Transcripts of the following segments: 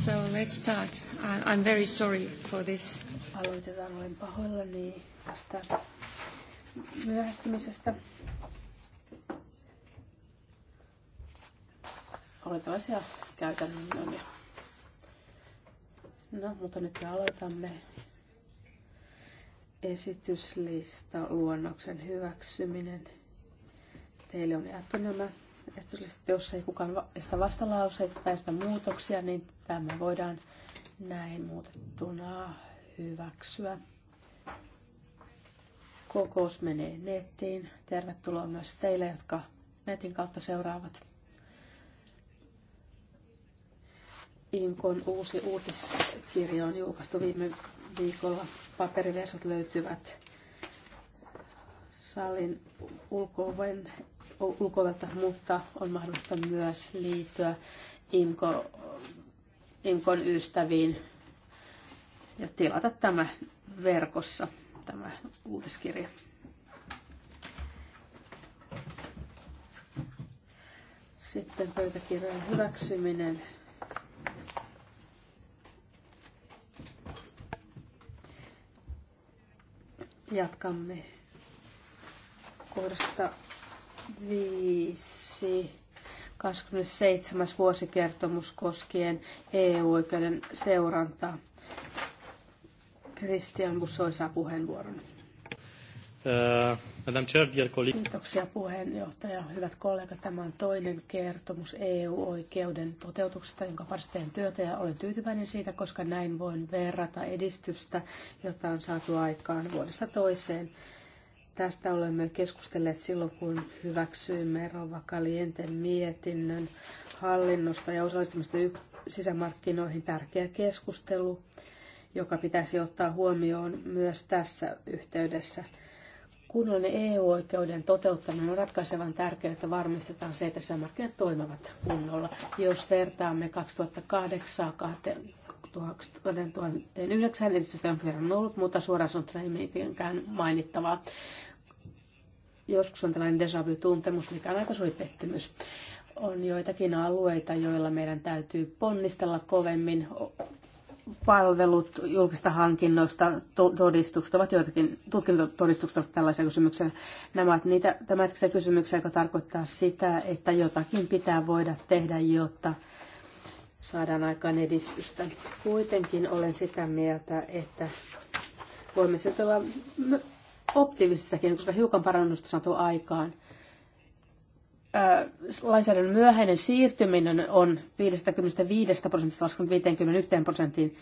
So let's start. I'm very sorry for this. Aloitetaan, olen pahoillani tästä myöhästymisestä. Olen tällaisia käytännön ongelmia. No, mutta nyt me aloitamme esityslista luonnoksen hyväksyminen. Teille on jaettu nämä esityslista, jos ei kukaan sitä vastalauseita tai sitä muutoksia, niin tämä voidaan näin muutettuna hyväksyä. Kokous menee nettiin. Tervetuloa myös teille, jotka netin kautta seuraavat. IMKon uusi uutiskirja on julkaistu viime viikolla. Paperiversot löytyvät salin ulkooven ulkovelta, mutta on mahdollista myös liittyä IMKO, IMKOn ystäviin ja tilata tämä verkossa, tämä uutiskirja. Sitten pöytäkirjan hyväksyminen. Jatkamme kohdasta 5. 27. vuosikertomus koskien EU-oikeuden seurantaa. Christian Bussoi saa puheenvuoron. Uh, Kiitoksia puheenjohtaja. Hyvät kollegat, tämä on toinen kertomus EU-oikeuden toteutuksesta, jonka parissa teen työtä ja olen tyytyväinen siitä, koska näin voin verrata edistystä, jota on saatu aikaan vuodesta toiseen Tästä olemme keskustelleet silloin, kun hyväksyimme Rovakalienten mietinnön hallinnosta ja osallistumista sisämarkkinoihin tärkeä keskustelu, joka pitäisi ottaa huomioon myös tässä yhteydessä. Kunnollinen EU-oikeuden toteuttaminen on ratkaisevan tärkeää, että varmistetaan se, että sisämarkkinat toimivat kunnolla. Jos vertaamme 2008 2009 edistystä jonkin verran ollut, mutta suoraan sanottuna ei mitenkään mainittavaa. Joskus on tällainen déjà vu-tuntemus, mikä on aika suuri pettymys. On joitakin alueita, joilla meidän täytyy ponnistella kovemmin. Palvelut julkista hankinnoista, todistukset ovat joitakin, tutkintotodistukset ovat tällaisia kysymyksiä. Nämä ovat niitä tämänhetkisiä kysymyksiä, jotka tarkoittaa sitä, että jotakin pitää voida tehdä, jotta saadaan aikaan edistystä. Kuitenkin olen sitä mieltä, että voimme sitten olla optimistissakin, koska hiukan parannusta saatu aikaan. Lainsäädännön myöhäinen siirtyminen on 55 prosentista laskenut 51 prosenttiin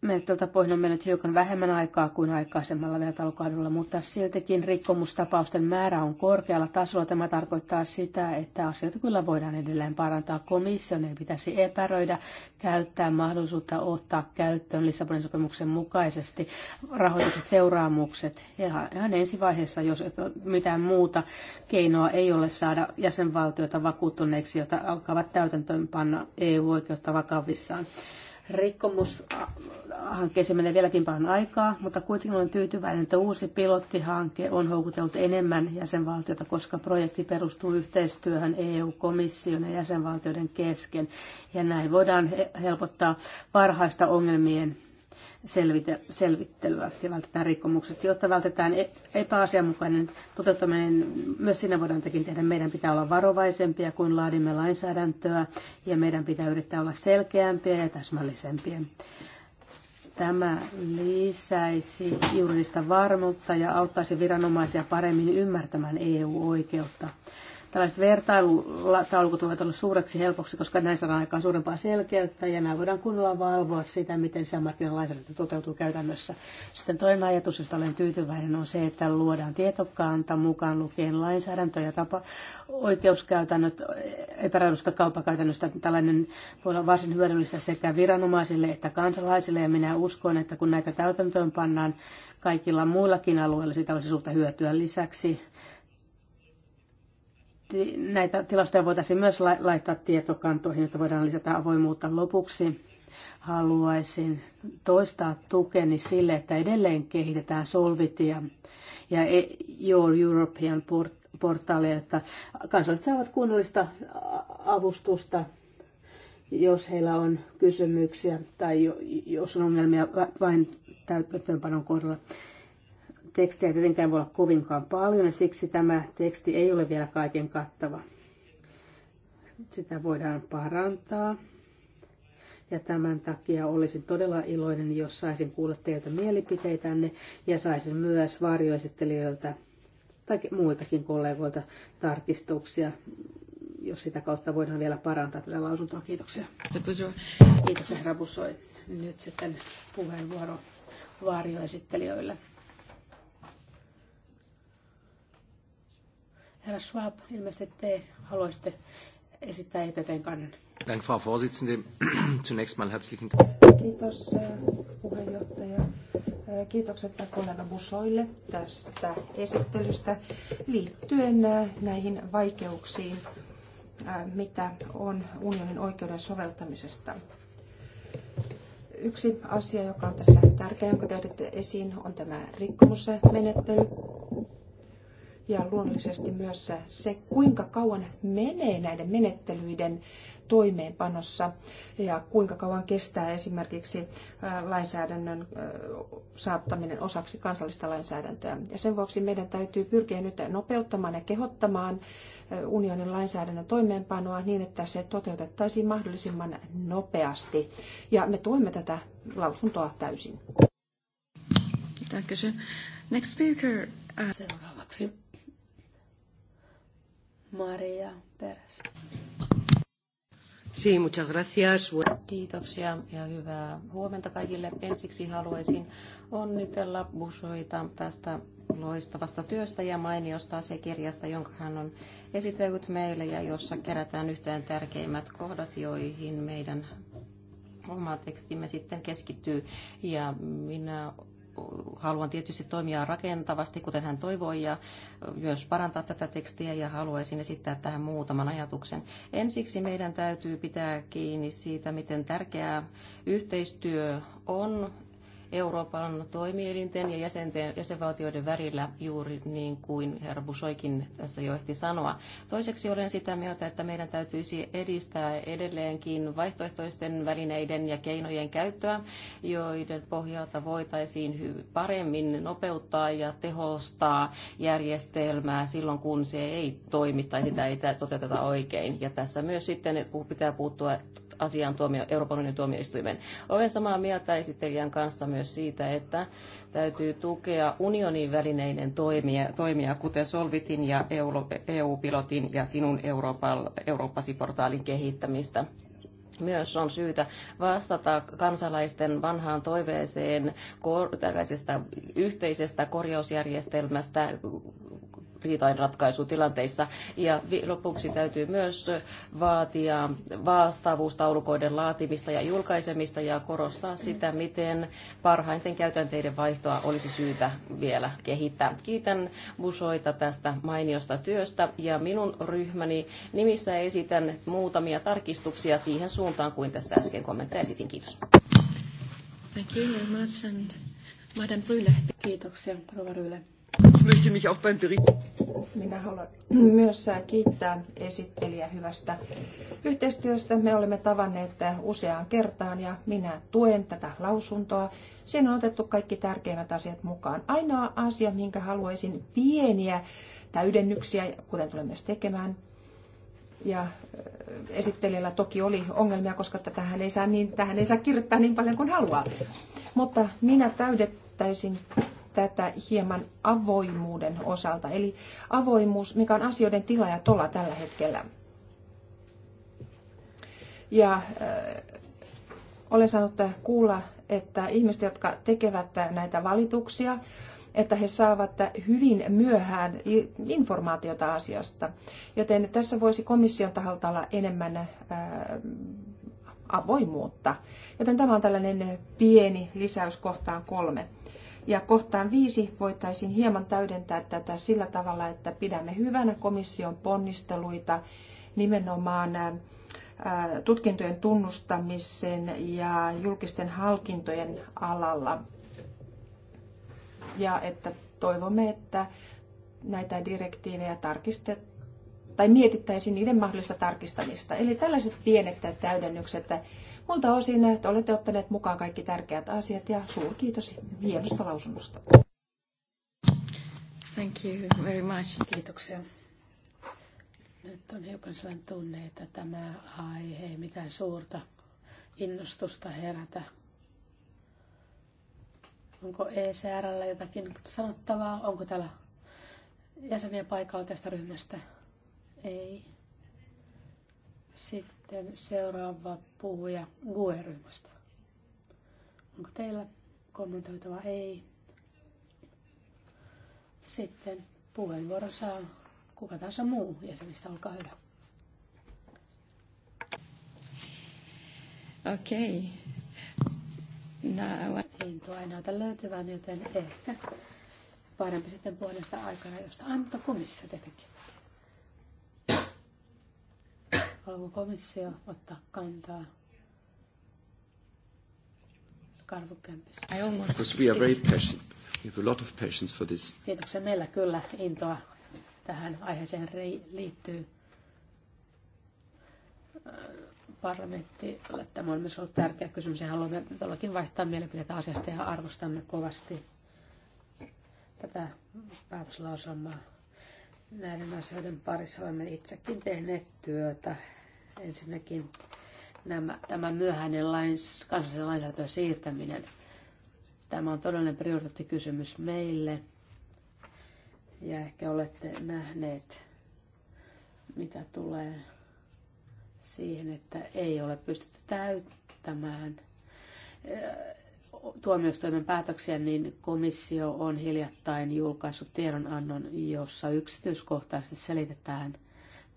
menettelytapoihin on mennyt hiukan vähemmän aikaa kuin aikaisemmalla vertailukaudella, mutta siltikin rikkomustapausten määrä on korkealla tasolla. Tämä tarkoittaa sitä, että asioita kyllä voidaan edelleen parantaa. Komission ei pitäisi epäröidä käyttää mahdollisuutta ottaa käyttöön Lissabonin sopimuksen mukaisesti rahoitukset seuraamukset ihan, ihan ensivaiheessa, jos mitään muuta keinoa ei ole saada jäsenvaltioita vakuuttuneiksi, jota alkavat täytäntöönpanna EU-oikeutta vakavissaan. Rikkomushankkeeseen menee vieläkin paljon aikaa, mutta kuitenkin olen tyytyväinen, että uusi pilottihanke on houkutellut enemmän jäsenvaltiota, koska projekti perustuu yhteistyöhön EU-komission ja jäsenvaltioiden kesken. Ja näin voidaan helpottaa parhaista ongelmien selvite, selvittelyä ja vältetään rikkomukset. Jotta vältetään e-, epäasianmukainen toteuttaminen, myös siinä voidaan tekin tehdä. Meidän pitää olla varovaisempia, kun laadimme lainsäädäntöä ja meidän pitää yrittää olla selkeämpiä ja täsmällisempiä. Tämä lisäisi juridista varmuutta ja auttaisi viranomaisia paremmin ymmärtämään EU-oikeutta. Tällaiset vertailutaulukot voivat olla suureksi helpoksi, koska näissä on aikaan suurempaa selkeyttä ja näin voidaan kunnolla valvoa sitä, miten sisämarkkinalainsäädäntö toteutuu käytännössä. Sitten toinen ajatus, josta olen tyytyväinen, on se, että luodaan tietokanta mukaan lukien lainsäädäntö ja tapa oikeuskäytännöt epäreilusta kauppakäytännöstä. Tällainen voi olla varsin hyödyllistä sekä viranomaisille että kansalaisille ja minä uskon, että kun näitä täytäntöön pannaan kaikilla muillakin alueilla, siitä olisi suurta hyötyä lisäksi näitä tilastoja voitaisiin myös laittaa tietokantoihin, että voidaan lisätä avoimuutta lopuksi. Haluaisin toistaa tukeni sille, että edelleen kehitetään Solvitia ja e- Your European portaalia, että kansalaiset saavat kunnollista avustusta, jos heillä on kysymyksiä tai jos on ongelmia lain täytäntöönpanon kohdalla tekstejä tietenkään voi olla kovinkaan paljon ja siksi tämä teksti ei ole vielä kaiken kattava. Sitä voidaan parantaa. Ja tämän takia olisin todella iloinen, jos saisin kuulla teiltä mielipiteitänne ja saisin myös varjoesittelijöiltä tai muiltakin kollegoilta tarkistuksia, jos sitä kautta voidaan vielä parantaa tätä lausuntoa. Kiitoksia. Kiitoksia, herra Nyt sitten puheenvuoro varjoesittelijöille. Herra Schwab, ilmeisesti te haluaisitte esittää EPPn kannan. Danke, Frau Vorsitzende. Zunächst mal herzlichen Kiitos äh, puheenjohtaja. Äh, kiitokset äh, kollega Busoille tästä esittelystä liittyen näihin vaikeuksiin, mitä on unionin oikeuden soveltamisesta. Yksi asia, joka on tässä tärkeä, jonka te otitte esiin, on tämä rikkomusmenettely ja luonnollisesti myös se, kuinka kauan menee näiden menettelyiden toimeenpanossa ja kuinka kauan kestää esimerkiksi lainsäädännön saattaminen osaksi kansallista lainsäädäntöä. Ja sen vuoksi meidän täytyy pyrkiä nyt nopeuttamaan ja kehottamaan unionin lainsäädännön toimeenpanoa niin, että se toteutettaisiin mahdollisimman nopeasti. Ja me tuemme tätä lausuntoa täysin. Dankeschön. Next speaker. Seuraavaksi Maria Peres. Sí, muchas gracias. Kiitoksia ja hyvää huomenta kaikille. Ensiksi haluaisin onnitella Bushoita tästä loistavasta työstä ja mainiosta asiakirjasta, jonka hän on esitellyt meille ja jossa kerätään yhteen tärkeimmät kohdat, joihin meidän oma tekstimme sitten keskittyy. Ja minä haluan tietysti toimia rakentavasti, kuten hän toivoi, ja myös parantaa tätä tekstiä ja haluaisin esittää tähän muutaman ajatuksen. Ensiksi meidän täytyy pitää kiinni siitä, miten tärkeää yhteistyö on Euroopan toimielinten ja jäsenten, jäsenvaltioiden välillä juuri niin kuin herra Busoikin tässä johti sanoa. Toiseksi olen sitä mieltä, että meidän täytyisi edistää edelleenkin vaihtoehtoisten välineiden ja keinojen käyttöä, joiden pohjalta voitaisiin paremmin nopeuttaa ja tehostaa järjestelmää silloin, kun se ei toimi tai sitä ei toteuteta oikein. Ja tässä myös sitten pitää puuttua asiaan tuomio, Euroopan unionin tuomioistuimen. Olen samaa mieltä esittelijän kanssa myös siitä, että täytyy tukea unionin välineiden toimia, toimia kuten Solvitin ja EU-pilotin e ja sinun Euroopan, Eurooppasi-portaalin kehittämistä myös on syytä vastata kansalaisten vanhaan toiveeseen tällaisesta yhteisestä korjausjärjestelmästä riitainratkaisutilanteissa. Ja lopuksi täytyy myös vaatia vastaavuustaulukoiden laatimista ja julkaisemista ja korostaa sitä, miten parhaiten käytänteiden vaihtoa olisi syytä vielä kehittää. Kiitän Busoita tästä mainiosta työstä ja minun ryhmäni nimissä esitän muutamia tarkistuksia siihen suuntaan kuin tässä äsken kommentteja esitin. Kiitos. Thank you very much and Madame Kiitoksia, Rova Bryle. Minä haluan myös äh, kiittää esittelijä hyvästä yhteistyöstä. Me olemme tavanneet äh, useaan kertaan ja minä tuen tätä lausuntoa. Siinä on otettu kaikki tärkeimmät asiat mukaan. Ainoa asia, minkä haluaisin pieniä täydennyksiä, kuten tulen myös tekemään, ja äh, esittelijällä toki oli ongelmia, koska tähän ei saa, niin, tähän ei saa kirjoittaa niin paljon kuin haluaa. Mutta minä täydettäisin tätä hieman avoimuuden osalta. Eli avoimuus, mikä on asioiden tila ja tola tällä hetkellä. Ja äh, olen saanut kuulla, että ihmiset, jotka tekevät näitä valituksia, että he saavat hyvin myöhään informaatiota asiasta. Joten tässä voisi komission taholta olla enemmän äh, avoimuutta. Joten tämä on tällainen pieni lisäys kohtaan kolme. Ja kohtaan viisi voitaisiin hieman täydentää tätä sillä tavalla, että pidämme hyvänä komission ponnisteluita nimenomaan tutkintojen tunnustamisen ja julkisten hankintojen alalla. Ja että toivomme, että näitä direktiivejä tarkistetaan tai mietittäisiin niiden mahdollista tarkistamista. Eli tällaiset pienet täydennykset. Multa osin, että olette ottaneet mukaan kaikki tärkeät asiat ja kiitos hienosta lausunnosta. Thank you very much. Kiitoksia. Nyt on hiukan sellainen tunne, että tämä aihe ei mitään suurta innostusta herätä. Onko ECRllä jotakin sanottavaa? Onko täällä jäseniä paikalla tästä ryhmästä? Ei. Sitten seuraava puhuja GUE-ryhmästä. Onko teillä kommentoitava? Ei. Sitten puheenvuoro saa kuka tahansa muu jäsenistä. Olkaa hyvä. Okei. Okay. No, Intoa ei näytä löytyvän, joten ehkä parempi sitten puolesta aikana, josta on, kumissa tietenkin. Haluaako komissio ottaa kantaa? Karvukämpissä. I almost Because we are very passionate. We have a lot of passions for this. Kiitoksia. Meillä kyllä intoa tähän aiheeseen liittyy Parlamentti, Tämä on myös ollut tärkeä kysymys ja haluamme todellakin vaihtaa mielipiteitä asiasta ja arvostamme kovasti tätä päätöslauselmaa. Näiden asioiden parissa olemme itsekin tehneet työtä Ensinnäkin nämä, tämä myöhäinen lains, kansallisen lainsäädännön siirtäminen. Tämä on todellinen prioriteettikysymys meille. Ja ehkä olette nähneet, mitä tulee siihen, että ei ole pystytty täyttämään eh, tuomioistuimen päätöksiä, niin komissio on hiljattain julkaissut tiedonannon, jossa yksityiskohtaisesti selitetään,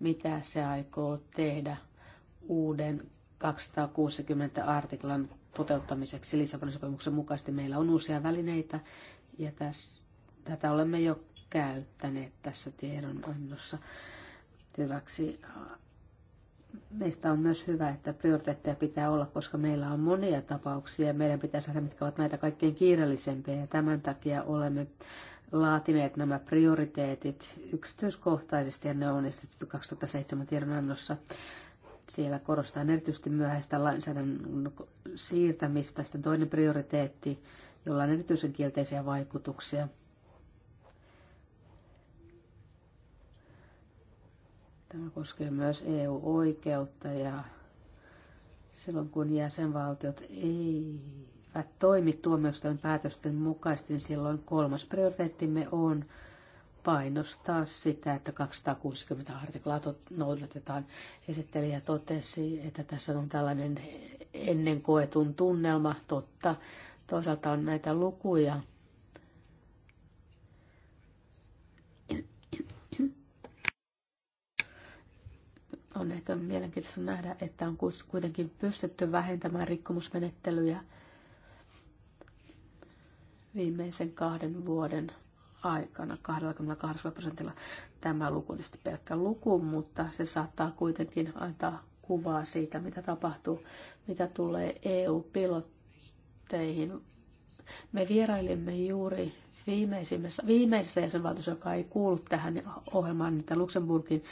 mitä se aikoo tehdä – uuden 260 artiklan toteuttamiseksi Lissabonin sopimuksen mukaisesti. Meillä on uusia välineitä ja tässä tätä olemme jo käyttäneet tässä tiedonannossa hyväksi. Meistä on myös hyvä, että prioriteetteja pitää olla, koska meillä on monia tapauksia ja meidän pitää saada, mitkä ovat näitä kaikkein kiireellisempiä. Ja tämän takia olemme laatineet nämä prioriteetit yksityiskohtaisesti ja ne on esitetty 2007 tiedonannossa. Siellä korostetaan erityisesti myöhäistä lainsäädännön siirtämistä. Sitten toinen prioriteetti, jolla on erityisen kielteisiä vaikutuksia. Tämä koskee myös EU-oikeutta ja silloin kun jäsenvaltiot eivät toimi tuomioistuimen päätösten mukaisesti, niin silloin kolmas prioriteettimme on painostaa sitä, että 260 artiklaa noudatetaan. Esittelijä totesi, että tässä on tällainen ennen koetun tunnelma, totta. Toisaalta on näitä lukuja, on ehkä mielenkiintoista nähdä, että on kuitenkin pystytty vähentämään rikkomusmenettelyjä viimeisen kahden vuoden aikana 28 prosentilla. Tämä luku on tietysti pelkkä luku, mutta se saattaa kuitenkin antaa kuvaa siitä, mitä tapahtuu, mitä tulee EU-pilotteihin. Me vierailimme juuri viimeisimmässä, viimeisessä jäsenvaltiossa, joka ei kuulu tähän ohjelmaan, niitä Luxemburgin,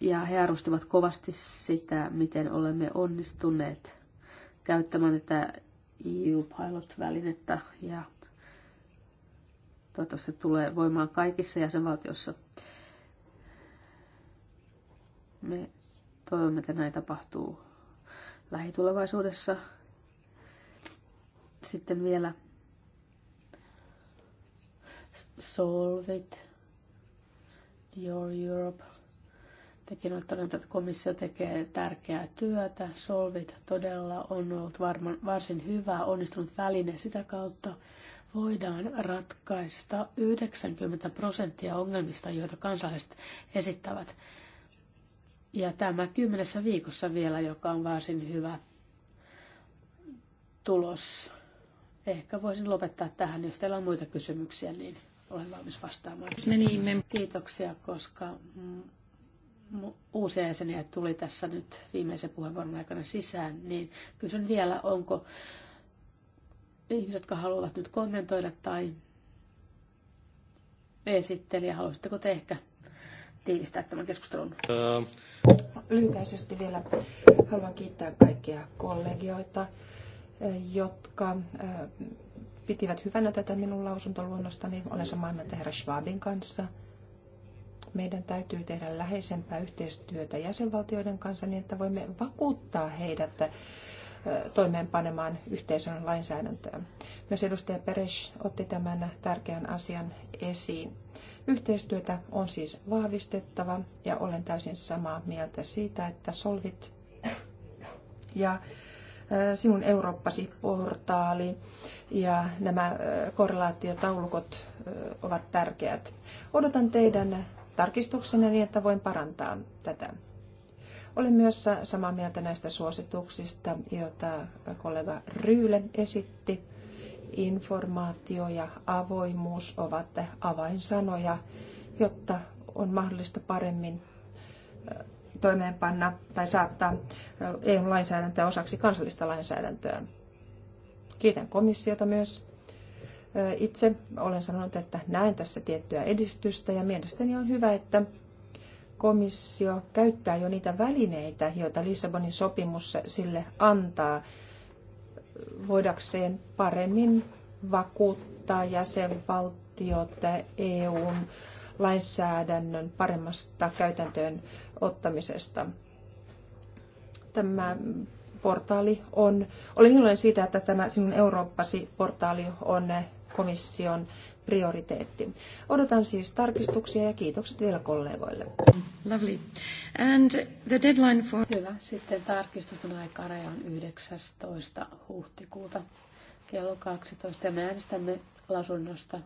ja he arvostivat kovasti sitä, miten olemme onnistuneet käyttämään tätä EU-pilot-välinettä ja Toivottavasti tulee voimaan kaikissa jäsenvaltioissa. Me toivomme, että näin tapahtuu lähitulevaisuudessa. Sitten vielä Solve it Your Europe. Tekin olette todennut, että komissio tekee tärkeää työtä. Solvit todella on ollut varman, varsin hyvä, onnistunut väline sitä kautta voidaan ratkaista 90 prosenttia ongelmista, joita kansalaiset esittävät. Ja tämä kymmenessä viikossa vielä, joka on varsin hyvä tulos. Ehkä voisin lopettaa tähän, jos teillä on muita kysymyksiä, niin olen valmis vastaamaan. Kiitoksia, koska uusia jäseniä tuli tässä nyt viimeisen puheenvuoron aikana sisään, niin kysyn vielä, onko ihmiset, jotka haluavat nyt kommentoida tai esittelijä, haluaisitteko te ehkä tiivistää tämän keskustelun? Lyhykäisesti vielä haluan kiittää kaikkia kollegioita, jotka pitivät hyvänä tätä minun lausuntoluonnostani. Olen samaa mieltä herra Schwabin kanssa. Meidän täytyy tehdä läheisempää yhteistyötä jäsenvaltioiden kanssa niin, että voimme vakuuttaa heidät toimeenpanemaan yhteisön lainsäädäntöä. Myös edustaja Peres otti tämän tärkeän asian esiin. Yhteistyötä on siis vahvistettava ja olen täysin samaa mieltä siitä, että Solvit ja Sinun Eurooppasi portaali ja nämä korrelaatiotaulukot ovat tärkeät. Odotan teidän tarkistuksenne niin, että voin parantaa tätä. Olen myös samaa mieltä näistä suosituksista, joita kollega Ryyle esitti. Informaatio ja avoimuus ovat avainsanoja, jotta on mahdollista paremmin toimeenpanna tai saattaa EU-lainsäädäntöä osaksi kansallista lainsäädäntöä. Kiitän komissiota myös. Itse olen sanonut, että näen tässä tiettyä edistystä ja mielestäni on hyvä, että komissio käyttää jo niitä välineitä, joita Lissabonin sopimus sille antaa, voidakseen paremmin vakuuttaa jäsenvaltiot EUn lainsäädännön paremmasta käytäntöön ottamisesta. Tämä portaali on, olen iloinen siitä, että tämä sinun Eurooppasi portaali on komission prioriteetti. Odotan siis tarkistuksia ja kiitokset vielä kollegoille. Lovely. And the deadline for... Hyvä. Sitten tarkistusten aika on 19. huhtikuuta kello 12 ja me äänestämme lasunnosta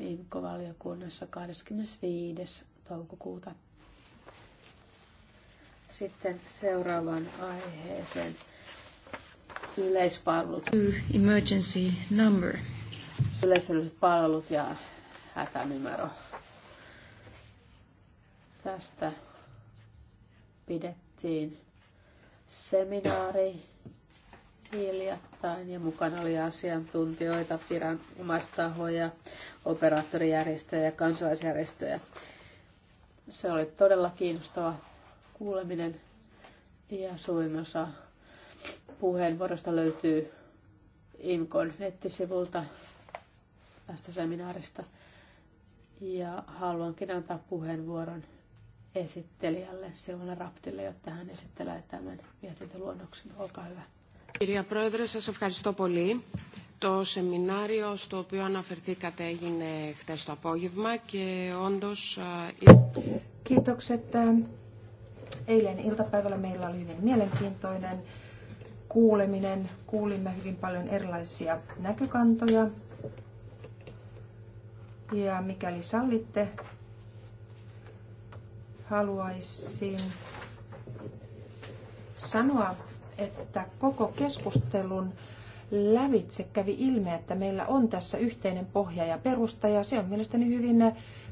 IMKO-valiokunnassa 25. toukokuuta. Sitten seuraavaan aiheeseen yleispalvelut. Emergency number. Yleisölliset palvelut ja hätänumero. Tästä pidettiin seminaari hiljattain ja mukana oli asiantuntijoita, viranomaistahoja, operaattorijärjestöjä ja kansalaisjärjestöjä. Se oli todella kiinnostava kuuleminen ja suurin osa puheenvuorosta löytyy IMKon nettisivulta tästä seminaarista. Ja haluankin antaa puheenvuoron esittelijälle Silvana Raptille, jotta hän esittelee tämän mietintöluonnoksen. Olkaa hyvä. Κυρία Πρόεδρε, σας ευχαριστώ πολύ. Το σεμινάριο στο οποίο αναφερθήκατε έγινε χτες το απόγευμα και όντως... Kiitokset. Eilen iltapäivällä meillä oli hyvin mielenkiintoinen kuuleminen. Kuulimme hyvin paljon erilaisia näkökantoja. Ja mikäli sallitte, haluaisin sanoa, että koko keskustelun lävitse kävi ilme, että meillä on tässä yhteinen pohja ja perusta, ja se on mielestäni hyvin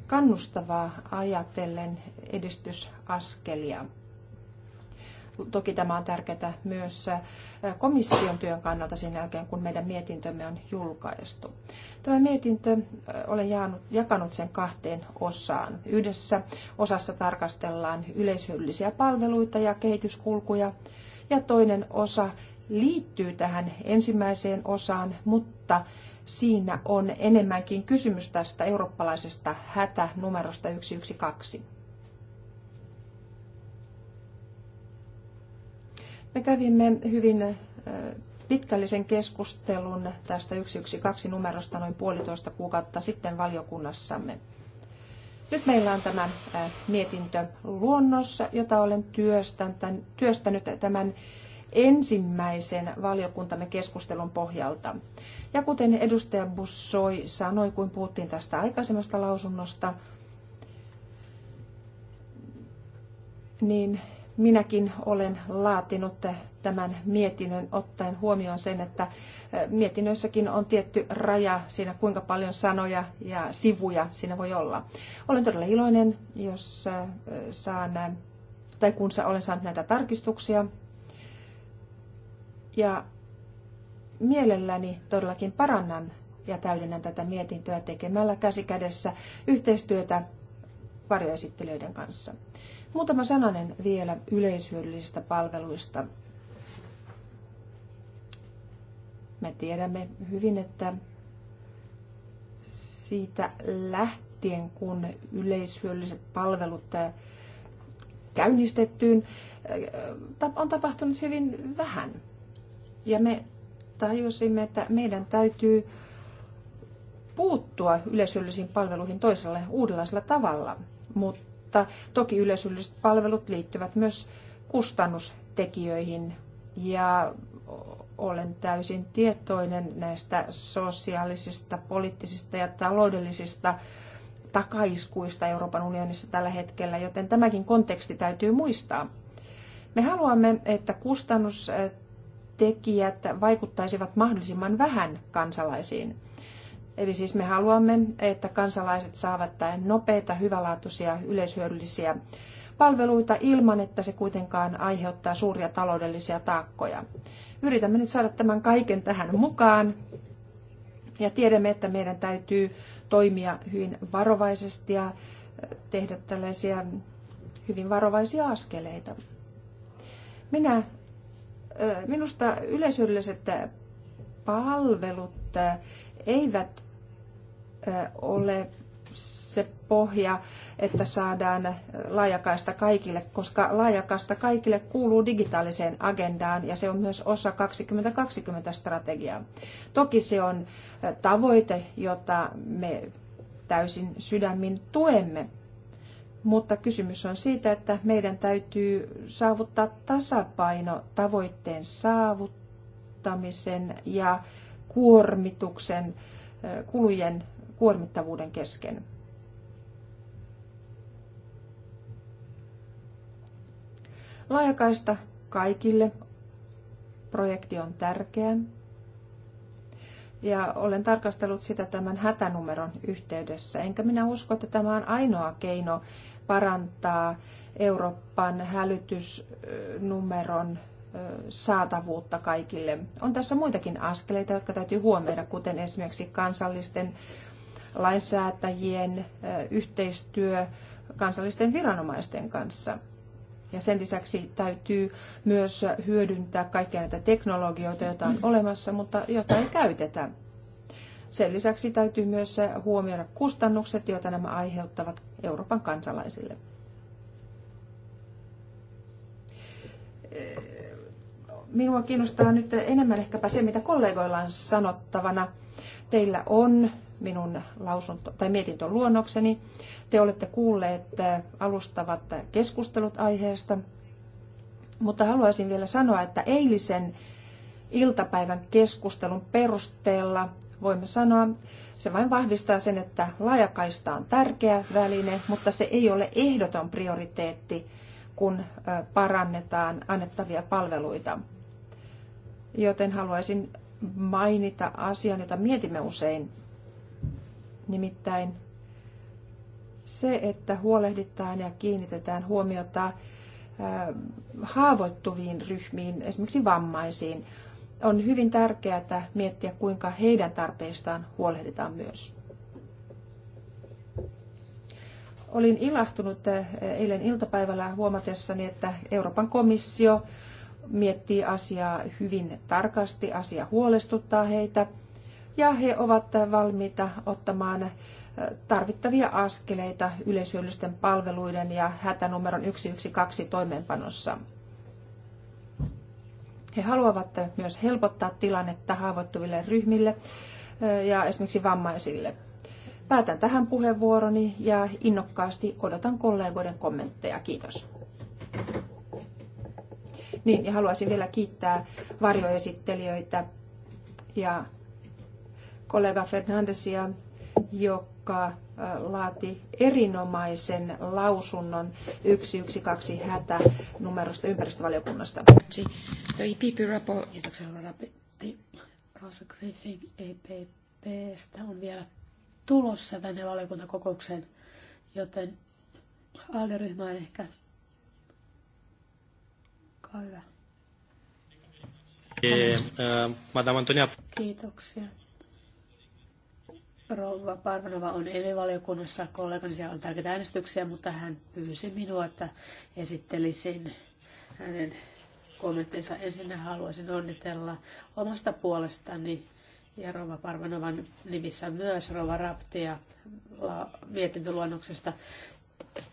kannustavaa ajatellen edistysaskelia. Toki tämä on tärkeää myös äh, komission työn kannalta sen jälkeen, kun meidän mietintömme on julkaistu. Tämä mietintö äh, olen jakanut sen kahteen osaan. Yhdessä osassa tarkastellaan yleishyödyllisiä palveluita ja kehityskulkuja, ja toinen osa liittyy tähän ensimmäiseen osaan, mutta siinä on enemmänkin kysymys tästä eurooppalaisesta hätänumerosta 112. Me kävimme hyvin pitkällisen keskustelun tästä 112-numerosta noin puolitoista kuukautta sitten valiokunnassamme. Nyt meillä on tämä mietintö luonnossa, jota olen työstänyt tämän ensimmäisen valiokuntamme keskustelun pohjalta. Ja kuten edustaja Bussoi sanoi, kun puhuttiin tästä aikaisemmasta lausunnosta, niin Minäkin olen laatinut tämän mietinnön ottaen huomioon sen, että mietinnöissäkin on tietty raja siinä, kuinka paljon sanoja ja sivuja siinä voi olla. Olen todella iloinen, jos saan, tai kun olen saanut näitä tarkistuksia. Ja mielelläni todellakin parannan ja täydennän tätä mietintöä tekemällä käsikädessä yhteistyötä varjoesittelijöiden kanssa. Muutama sananen vielä yleishyödyllisistä palveluista. Me tiedämme hyvin, että siitä lähtien, kun yleishyödylliset palvelut äh, käynnistettyyn, äh, on tapahtunut hyvin vähän. Ja me tajusimme, että meidän täytyy puuttua yleishyödyllisiin palveluihin toisella uudenlaisella tavalla, mutta mutta toki yleisölliset palvelut liittyvät myös kustannustekijöihin ja olen täysin tietoinen näistä sosiaalisista, poliittisista ja taloudellisista takaiskuista Euroopan unionissa tällä hetkellä, joten tämäkin konteksti täytyy muistaa. Me haluamme, että kustannustekijät vaikuttaisivat mahdollisimman vähän kansalaisiin. Eli siis me haluamme, että kansalaiset saavat nopeita, hyvälaatuisia, yleishyödyllisiä palveluita ilman, että se kuitenkaan aiheuttaa suuria taloudellisia taakkoja. Yritämme nyt saada tämän kaiken tähän mukaan ja tiedämme, että meidän täytyy toimia hyvin varovaisesti ja tehdä tällaisia hyvin varovaisia askeleita. Minä, minusta yleishyödylliset palvelut eivät ole se pohja, että saadaan laajakaista kaikille, koska laajakaista kaikille kuuluu digitaaliseen agendaan ja se on myös osa 2020-strategiaa. Toki se on tavoite, jota me täysin sydämin tuemme, mutta kysymys on siitä, että meidän täytyy saavuttaa tasapaino tavoitteen saavuttamisen ja kuormituksen, kulujen kuormittavuuden kesken. Laajakaista kaikille. Projekti on tärkeä. Ja olen tarkastellut sitä tämän hätänumeron yhteydessä. Enkä minä usko, että tämä on ainoa keino parantaa Euroopan hälytysnumeron saatavuutta kaikille. On tässä muitakin askeleita, jotka täytyy huomioida, kuten esimerkiksi kansallisten lainsäätäjien yhteistyö kansallisten viranomaisten kanssa. Ja sen lisäksi täytyy myös hyödyntää kaikkia näitä teknologioita, joita on olemassa, mutta joita ei käytetä. Sen lisäksi täytyy myös huomioida kustannukset, joita nämä aiheuttavat Euroopan kansalaisille minua kiinnostaa nyt enemmän ehkäpä se, mitä kollegoilla on sanottavana. Teillä on minun lausunto- tai mietintön luonnokseni. Te olette kuulleet äh, alustavat keskustelut aiheesta. Mutta haluaisin vielä sanoa, että eilisen iltapäivän keskustelun perusteella voimme sanoa, se vain vahvistaa sen, että laajakaista on tärkeä väline, mutta se ei ole ehdoton prioriteetti, kun äh, parannetaan annettavia palveluita joten haluaisin mainita asian, jota mietimme usein. Nimittäin se, että huolehditaan ja kiinnitetään huomiota haavoittuviin ryhmiin, esimerkiksi vammaisiin, on hyvin tärkeää miettiä, kuinka heidän tarpeistaan huolehditaan myös. Olin ilahtunut eilen iltapäivällä huomatessani, että Euroopan komissio miettii asiaa hyvin tarkasti, asia huolestuttaa heitä ja he ovat valmiita ottamaan tarvittavia askeleita yleishyödyllisten palveluiden ja hätänumeron 112 toimeenpanossa. He haluavat myös helpottaa tilannetta haavoittuville ryhmille ja esimerkiksi vammaisille. Päätän tähän puheenvuoroni ja innokkaasti odotan kollegoiden kommentteja. Kiitos. Niin, ja haluaisin vielä kiittää varjoesittelijöitä ja kollega Fernandesia, joka laati erinomaisen lausunnon 112 hätä numerosta ympäristövaliokunnasta. E Kiitoksia Rosa Griffin EPPstä on vielä tulossa tänne valiokuntakokoukseen, joten alderyhmä on ehkä Olkaa hyvä. Eh, eh, Madame Antonia. Kiitoksia. Rouva Parvanova on ELI-valiokunnassa kollegani, siellä on tärkeitä äänestyksiä, mutta hän pyysi minua, että esittelisin hänen kommenttinsa. Ensin haluaisin onnitella omasta puolestani ja Rova Parvanovan nimissä myös Rova Raptia mietintöluonnoksesta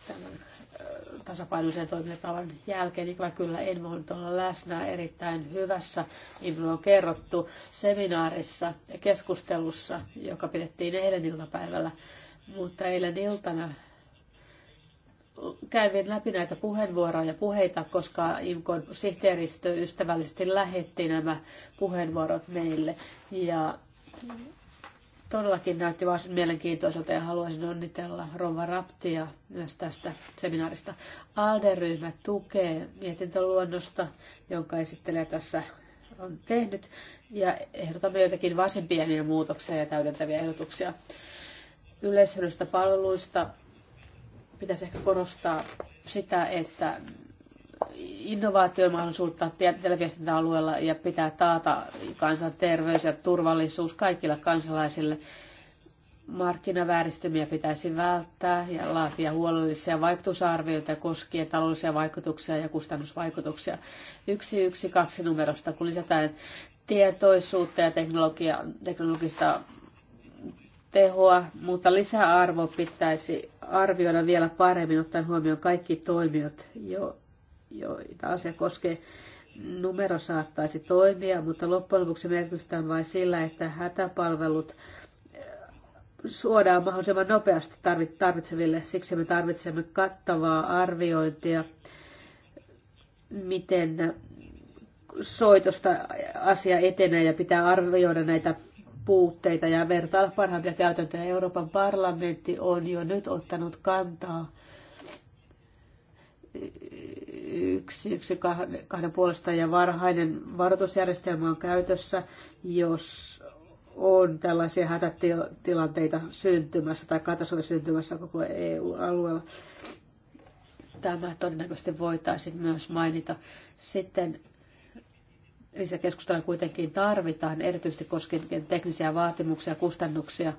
tämän tasapainoisen toimintatavan jälkeen, ikävä niin kyllä en voinut olla läsnä erittäin hyvässä, niin kuin on kerrottu, seminaarissa ja keskustelussa, joka pidettiin eilen iltapäivällä. Mutta eilen iltana kävin läpi näitä puheenvuoroja ja puheita, koska IMKon sihteeristö ystävällisesti lähetti nämä puheenvuorot meille. Ja todellakin näytti varsin mielenkiintoiselta ja haluaisin onnitella Rova Raptia myös tästä seminaarista. Alderyhmä tukee mietintöluonnosta, jonka esittelee tässä on tehnyt, ja ehdotamme joitakin varsin pieniä muutoksia ja täydentäviä ehdotuksia. Yleishyödyllisistä palveluista pitäisi ehkä korostaa sitä, että innovaatiomahdollisuutta televiestintäalueella ja pitää taata kansanterveys ja turvallisuus kaikille kansalaisille. Markkinavääristymiä pitäisi välttää ja laatia huolellisia vaikutusarvioita koskien taloudellisia vaikutuksia ja kustannusvaikutuksia. Yksi yksi kaksi numerosta, kun lisätään tietoisuutta ja teknologia, teknologista tehoa, mutta lisäarvo pitäisi arvioida vielä paremmin ottaen huomioon kaikki toimijat, jo, joita asia koskee. Numero saattaisi toimia, mutta loppujen lopuksi merkitystä on vain sillä, että hätäpalvelut eh, suodaan mahdollisimman nopeasti tarvitseville. Siksi me tarvitsemme kattavaa arviointia, miten soitosta asia etenee ja pitää arvioida näitä puutteita ja vertailla parhaimpia käytäntöjä. Euroopan parlamentti on jo nyt ottanut kantaa yksi, yksi kahden, kahden puolesta ja varhainen varoitusjärjestelmä on käytössä, jos on tällaisia hätätilanteita syntymässä tai katastrofi syntymässä koko EU-alueella. Tämä todennäköisesti voitaisiin myös mainita. Sitten lisäkeskustelua kuitenkin tarvitaan, erityisesti koskien teknisiä vaatimuksia, kustannuksia,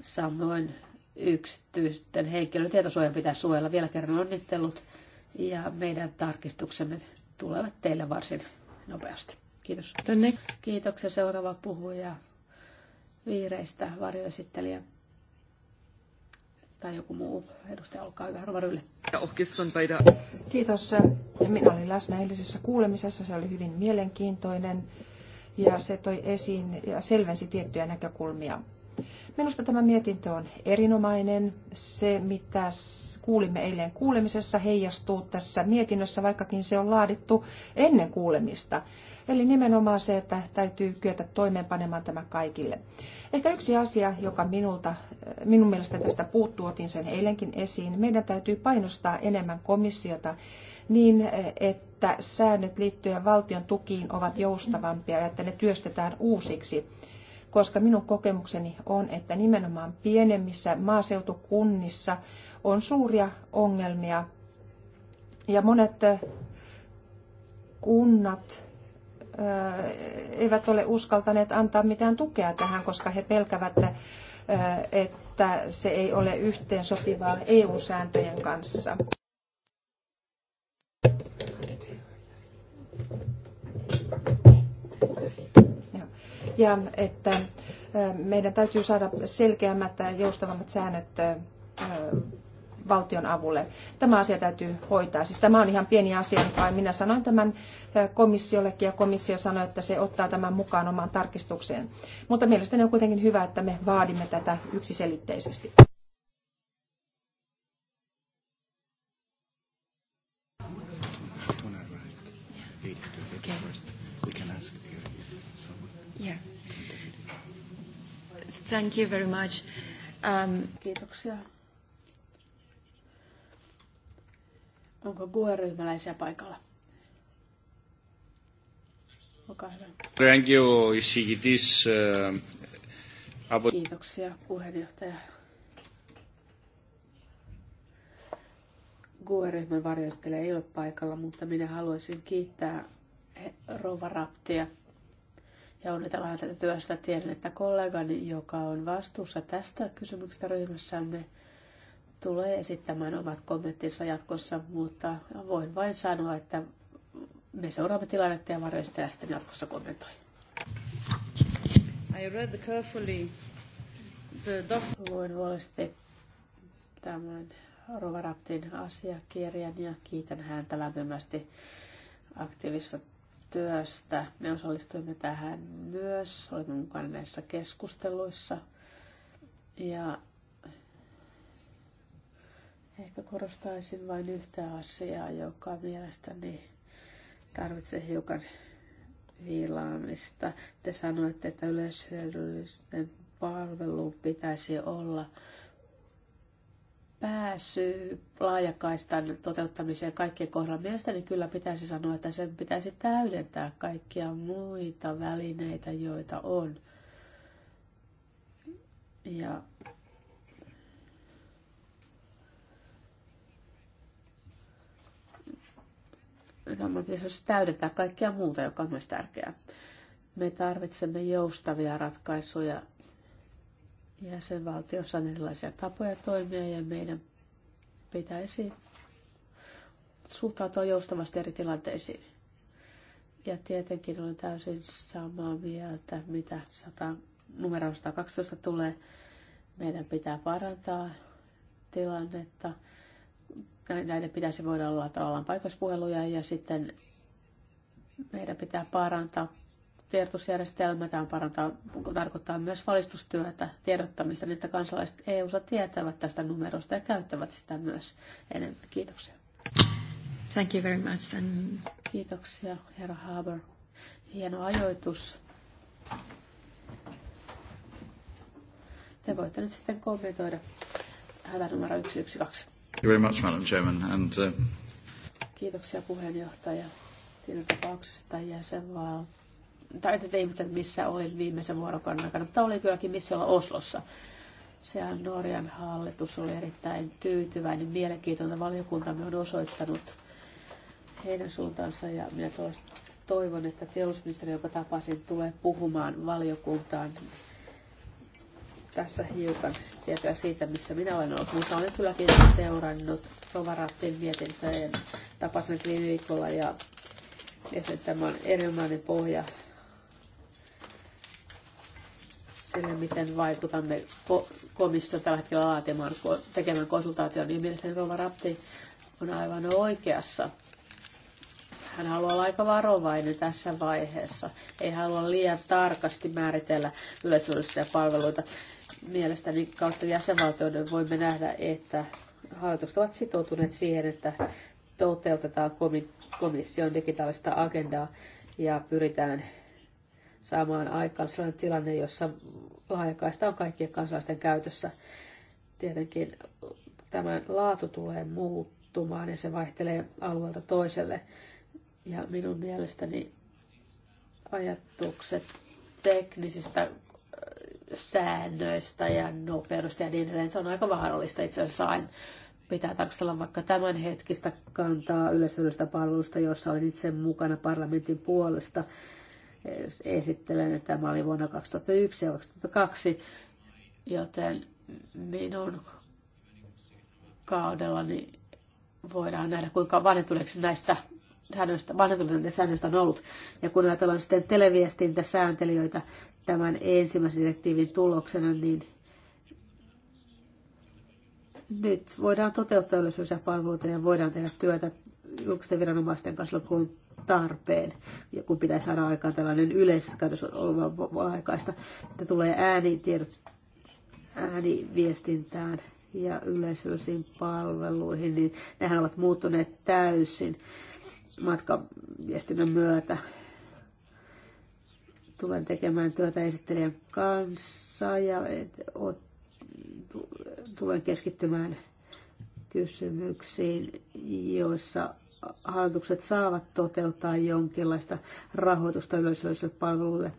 samoin yksityisten tietosuojan pitää suojella. Vielä kerran onnittelut ja meidän tarkistuksemme tulevat teille varsin nopeasti. Kiitos. Tänne. Kiitoksia seuraava puhuja viireistä varjoesittelijä tai joku muu edustaja, olkaa hyvä, Rova Rylle. Kiitos. Minä olin läsnä eilisessä kuulemisessa, se oli hyvin mielenkiintoinen ja se toi esiin ja selvensi tiettyjä näkökulmia. Minusta tämä mietintö on erinomainen. Se, mitä kuulimme eilen kuulemisessa, heijastuu tässä mietinnössä, vaikkakin se on laadittu ennen kuulemista. Eli nimenomaan se, että täytyy kyetä toimeenpanemaan tämä kaikille. Ehkä yksi asia, joka minulta, minun mielestä tästä puuttuu, otin sen eilenkin esiin. Meidän täytyy painostaa enemmän komissiota niin, että säännöt liittyen valtion tukiin ovat joustavampia ja että ne työstetään uusiksi koska minun kokemukseni on, että nimenomaan pienemmissä maaseutukunnissa on suuria ongelmia ja monet kunnat eivät ole uskaltaneet antaa mitään tukea tähän, koska he pelkävät, että se ei ole yhteensopivaa EU-sääntöjen kanssa ja että meidän täytyy saada selkeämmät ja joustavammat säännöt valtion avulle. Tämä asia täytyy hoitaa. Siis tämä on ihan pieni asia, mutta minä sanoin tämän komissiollekin ja komissio sanoi, että se ottaa tämän mukaan omaan tarkistukseen. Mutta mielestäni on kuitenkin hyvä, että me vaadimme tätä yksiselitteisesti. Yeah. Thank you very much. Um, Kiitoksia. Onko GUE-ryhmäläisiä paikalla? Olkaa hyvä. Thank uh, Kiitoksia, puheenjohtaja. GUE-ryhmän varjostelija ei ole paikalla, mutta minä haluaisin kiittää Rova Raptia – ja onnitellaan tätä työstä. Tiedän, että kollegani, joka on vastuussa tästä kysymyksestä ryhmässämme, tulee esittämään omat kommenttinsa jatkossa, mutta voin vain sanoa, että me seuraamme tilannetta ja varjoista sitten jatkossa kommentoi. I read carefully the doc- Luin huolesti tämän Rovaraptin asiakirjan ja kiitän häntä lämpimästi aktiivisesta työstä. Me osallistuimme tähän myös, olimme mukana näissä keskusteluissa. Ja ehkä korostaisin vain yhtä asiaa, joka mielestäni tarvitsee hiukan viilaamista. Te sanoitte, että yleishyödyllisten palvelun pitäisi olla pääsy laajakaistan toteuttamiseen kaikkien kohdalla. Mielestäni kyllä pitäisi sanoa, että sen pitäisi täydentää kaikkia muita välineitä, joita on. Ja Tämä pitäisi siis täydentää kaikkea muuta, joka on myös tärkeää. Me tarvitsemme joustavia ratkaisuja Jäsenvaltiossa on erilaisia tapoja toimia ja meidän pitäisi suhtautua joustavasti eri tilanteisiin. Ja tietenkin olen täysin samaa mieltä, mitä 100, numero 112 tulee. Meidän pitää parantaa tilannetta. Näiden pitäisi voida olla tavallaan paikallispuheluja ja sitten meidän pitää parantaa tiedotusjärjestelmä. Tämä parantaa, tarkoittaa myös valistustyötä, tiedottamista, niin että kansalaiset eu tietävät tästä numerosta ja käyttävät sitä myös enemmän. Kiitoksia. Thank you very much. And... Kiitoksia, herra Haber. Hieno ajoitus. Te voitte nyt sitten kommentoida hätä numero 112. Thank you very much, Madam Chairman. And, uh... Kiitoksia puheenjohtaja siinä tapauksessa jäsenvaltio tai ei mitään, missä olin viimeisen vuorokauden aikana, mutta olin kylläkin olla Oslossa. Sehän Norjan hallitus oli erittäin tyytyväinen, mielenkiintoinen valiokuntamme on osoittanut heidän suuntaansa ja minä toivon, että teollisuusministeri, joka tapasin, tulee puhumaan valiokuntaan tässä hiukan tietää siitä, missä minä olen ollut, mutta olen kylläkin seurannut Rovarattin mietintöjen tapasin viime viikolla ja että tämä on erilainen pohja sille, miten vaikutamme komissio tällä hetkellä laatimaan, tekemään konsultaatioon, niin mielestäni Rova Rapti on aivan oikeassa. Hän haluaa olla aika varovainen tässä vaiheessa. Ei halua liian tarkasti määritellä yleisöllisiä palveluita. Mielestäni kautta jäsenvaltioiden voimme nähdä, että hallitukset ovat sitoutuneet siihen, että toteutetaan komission digitaalista agendaa ja pyritään saamaan aikaan sellainen tilanne, jossa laajakaista on kaikkien kansalaisten käytössä. Tietenkin tämän laatu tulee muuttumaan ja se vaihtelee alueelta toiselle. Ja minun mielestäni ajatukset teknisistä äh, säännöistä ja nopeudesta ja niin edelleen, se on aika vaarallista itse asiassa aina pitää tarkastella vaikka tämänhetkistä kantaa yleisöllisistä palvelusta, jossa olin itse mukana parlamentin puolesta esittelen, että tämä oli vuonna 2001 ja 2002, joten minun kaudellani voidaan nähdä, kuinka vanhentuneeksi näistä säännöistä, vanhentuneiden säännöistä on ollut. Ja kun ajatellaan sitten televiestintäsääntelijöitä tämän ensimmäisen direktiivin tuloksena, niin nyt voidaan toteuttaa yleisöisiä palveluita ja voidaan tehdä työtä julkisten viranomaisten kanssa, kun tarpeen, ja kun pitäisi saada aikaan tällainen käytössä olevan aikaista, että tulee äänitiedot, ääniviestintään ja yleisöllisiin palveluihin, niin nehän ovat muuttuneet täysin matkaviestinnän myötä. Tulen tekemään työtä esittelijän kanssa ja tulen keskittymään kysymyksiin, joissa hallitukset saavat toteuttaa jonkinlaista rahoitusta yleisölliselle palvelulle.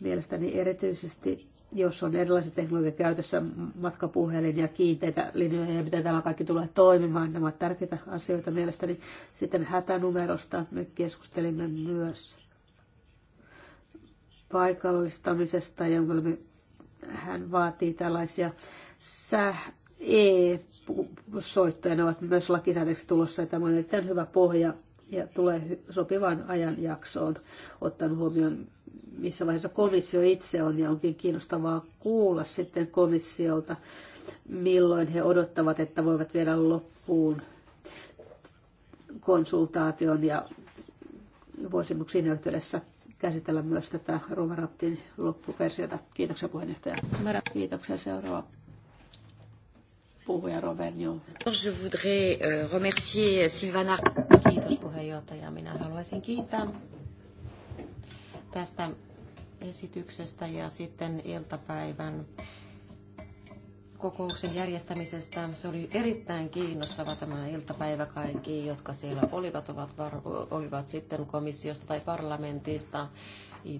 Mielestäni erityisesti, jos on erilaiset teknologiat käytössä, matkapuhelin ja kiinteitä linjoja, ja niin miten tämä kaikki tulee toimimaan, nämä ovat tärkeitä asioita mielestäni. Sitten hätänumerosta me keskustelimme myös paikallistamisesta, ja hän vaatii tällaisia säh- e-soittajana ovat myös lakisääteeksi tulossa ja tämä on erittäin hyvä pohja ja tulee sopivan ajanjaksoon ottanut huomioon, missä vaiheessa komissio itse on ja onkin kiinnostavaa kuulla sitten komissiolta, milloin he odottavat, että voivat viedä loppuun konsultaation ja voisimmeko siinä yhteydessä käsitellä myös tätä Rumaraptin loppuversiota. Kiitoksia puheenjohtaja. Kiitoksia seuraava Je voudrais euh, remercier euh, Silvana. Kiitos puheenjohtaja. Minä haluaisin kiittää tästä esityksestä ja sitten iltapäivän kokouksen järjestämisestä. Se oli erittäin kiinnostava tämä iltapäivä. Kaikki, jotka siellä olivat, ovat var- olivat sitten komissiosta tai parlamentista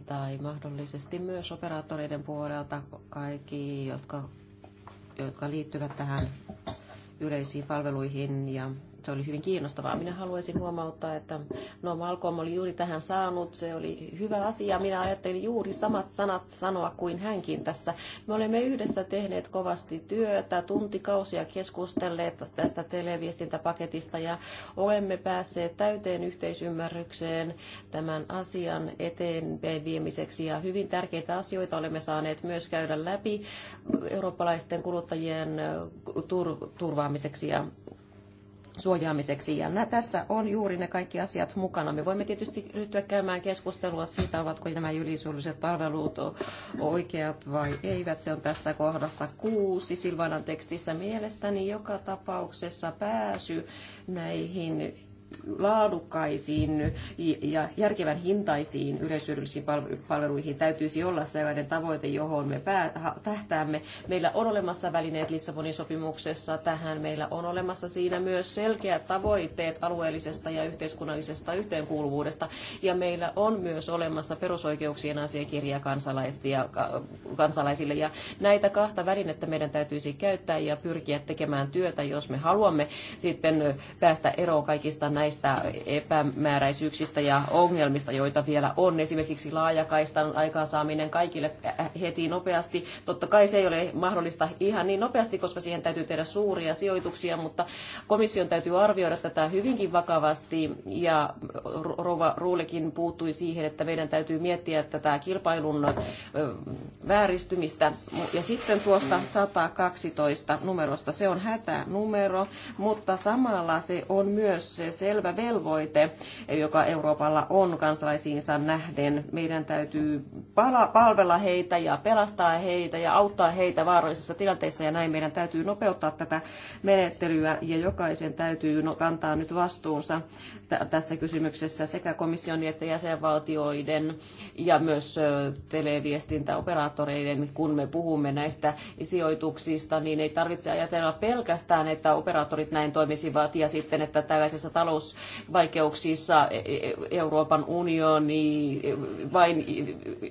tai mahdollisesti myös operaattoreiden puolelta. Kaikki, jotka jotka liittyvät tähän yleisiin palveluihin ja se oli hyvin kiinnostavaa. Minä haluaisin huomauttaa, että no Malcolm oli juuri tähän saanut, se oli hyvä asia. Minä ajattelin juuri samat sanat sanoa kuin hänkin tässä. Me olemme yhdessä tehneet kovasti työtä, tuntikausia keskustelleet tästä televiestintäpaketista ja olemme päässeet täyteen yhteisymmärrykseen tämän asian eteenpäin viemiseksi ja hyvin tärkeitä asioita olemme saaneet myös käydä läpi eurooppalaisten kuluttajien turvaamiseksi ja suojaamiseksi. Ja tässä on juuri ne kaikki asiat mukana. Me voimme tietysti ryhtyä käymään keskustelua siitä, ovatko nämä ylisuulliset palvelut oikeat vai eivät. Se on tässä kohdassa kuusi Silvanan tekstissä mielestäni joka tapauksessa pääsy näihin laadukkaisiin ja järkevän hintaisiin yleishyödyllisiin palveluihin täytyisi olla sellainen tavoite, johon me tähtäämme. Meillä on olemassa välineet Lissabonin sopimuksessa tähän. Meillä on olemassa siinä myös selkeät tavoitteet alueellisesta ja yhteiskunnallisesta yhteenkuuluvuudesta. Ja meillä on myös olemassa perusoikeuksien asiakirja kansalaisille. Ja näitä kahta välinettä meidän täytyisi käyttää ja pyrkiä tekemään työtä, jos me haluamme sitten päästä eroon kaikista näistä epämääräisyyksistä ja ongelmista, joita vielä on. Esimerkiksi laajakaistan aikaansaaminen kaikille äh, äh, heti nopeasti. Totta kai se ei ole mahdollista ihan niin nopeasti, koska siihen täytyy tehdä suuria sijoituksia, mutta komission täytyy arvioida tätä hyvinkin vakavasti. Ja Rova Ruulekin puuttui siihen, että meidän täytyy miettiä tätä kilpailun vääristymistä. Ja sitten tuosta 112 numerosta, se on hätänumero, mutta samalla se on myös se selvä velvoite, joka Euroopalla on kansalaisiinsa nähden. Meidän täytyy palvella heitä ja pelastaa heitä ja auttaa heitä vaarallisissa tilanteissa ja näin meidän täytyy nopeuttaa tätä menettelyä ja jokaisen täytyy no, kantaa nyt vastuunsa tässä kysymyksessä sekä komission että jäsenvaltioiden ja myös televiestintäoperaattoreiden, kun me puhumme näistä sijoituksista, niin ei tarvitse ajatella pelkästään, että operaattorit näin toimisivat ja sitten, että tällaisessa talous talousvaikeuksissa e- e- e- Euroopan unioni vain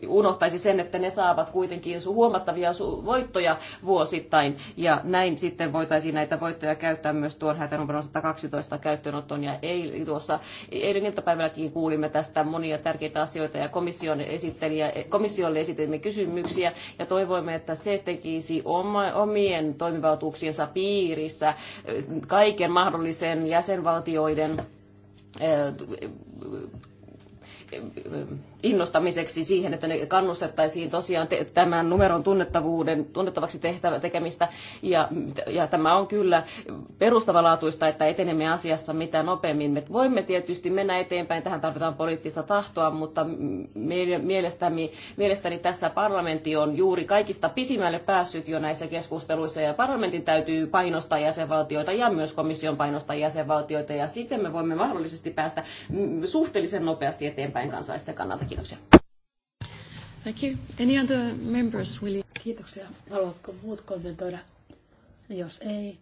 unohtaisi sen, että ne saavat kuitenkin huomattavia voittoja vuosittain. Ja näin sitten voitaisiin näitä voittoja käyttää myös tuon hätänumeron 112 käyttöönoton. Ja ei, tuossa, eilen iltapäivälläkin kuulimme tästä monia tärkeitä asioita ja komission esittelijä, komissiolle esitimme kysymyksiä ja toivoimme, että se tekisi oma, omien toimivaltuuksiensa piirissä kaiken mahdollisen jäsenvaltioiden eh, eh, eh, eh, eh, innostamiseksi siihen, että ne kannustettaisiin tosiaan te- tämän numeron tunnettavuuden, tunnettavaksi tehtävä, tekemistä. Ja, ja tämä on kyllä perustavalaatuista, että etenemme asiassa mitä nopeammin. Me voimme tietysti mennä eteenpäin, tähän tarvitaan poliittista tahtoa, mutta mielestäni, mielestäni tässä parlamentti on juuri kaikista pisimmälle päässyt jo näissä keskusteluissa, ja parlamentin täytyy painostaa jäsenvaltioita ja myös komission painostaa jäsenvaltioita, ja sitten me voimme mahdollisesti päästä suhteellisen nopeasti eteenpäin kansalaisten kannalta. Kiitoksia. Thank you. Any other members will you... Kiitoksia. Haluatko muut kommentoida? Jos ei,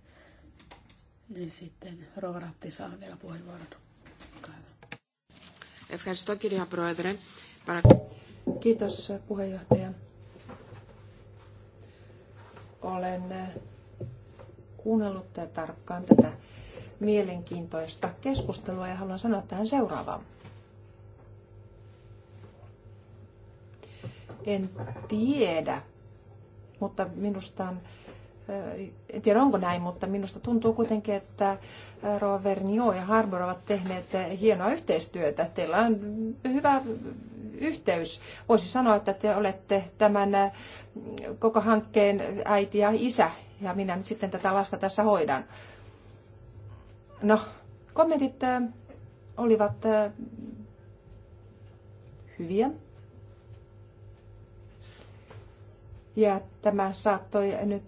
niin sitten Rovaratti saa vielä puheenvuoron. Kiitos puheenjohtaja. Olen äh, kuunnellut tarkkaan tätä mielenkiintoista keskustelua ja haluan sanoa tähän seuraavaan. en tiedä, mutta minusta on, en tiedä onko näin, mutta minusta tuntuu kuitenkin, että Rova Vernio ja Harbour ovat tehneet hienoa yhteistyötä. Teillä on hyvä yhteys. Voisi sanoa, että te olette tämän koko hankkeen äiti ja isä, ja minä nyt sitten tätä lasta tässä hoidan. No, kommentit olivat hyviä. Ja tämä saattoi nyt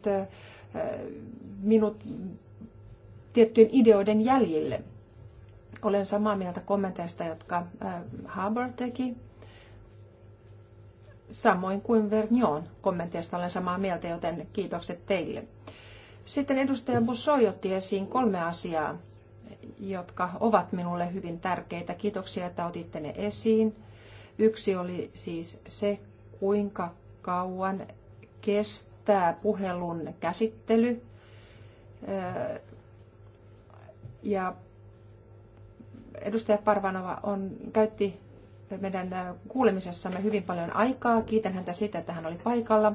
minut tiettyjen ideoiden jäljille. Olen samaa mieltä kommenteista, jotka Haber teki. Samoin kuin Vernion kommenteista olen samaa mieltä, joten kiitokset teille. Sitten edustaja Bussoi otti esiin kolme asiaa, jotka ovat minulle hyvin tärkeitä. Kiitoksia, että otitte ne esiin. Yksi oli siis se, kuinka kauan kestää puhelun käsittely ja edustaja Parvanova on, käytti meidän kuulemisessamme hyvin paljon aikaa. Kiitän häntä siitä, että hän oli paikalla.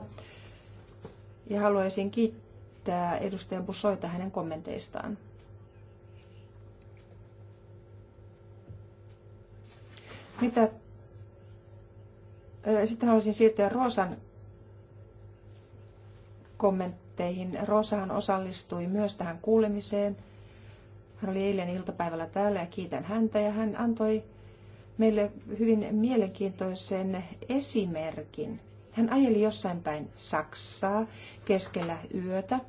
Ja haluaisin kiittää edustaja Bussoita hänen kommenteistaan. Mitä? Sitten haluaisin siirtyä Roosan kommentteihin. Rosahan osallistui myös tähän kuulemiseen. Hän oli eilen iltapäivällä täällä ja kiitän häntä ja hän antoi meille hyvin mielenkiintoisen esimerkin. Hän ajeli jossain päin Saksaa keskellä yötä.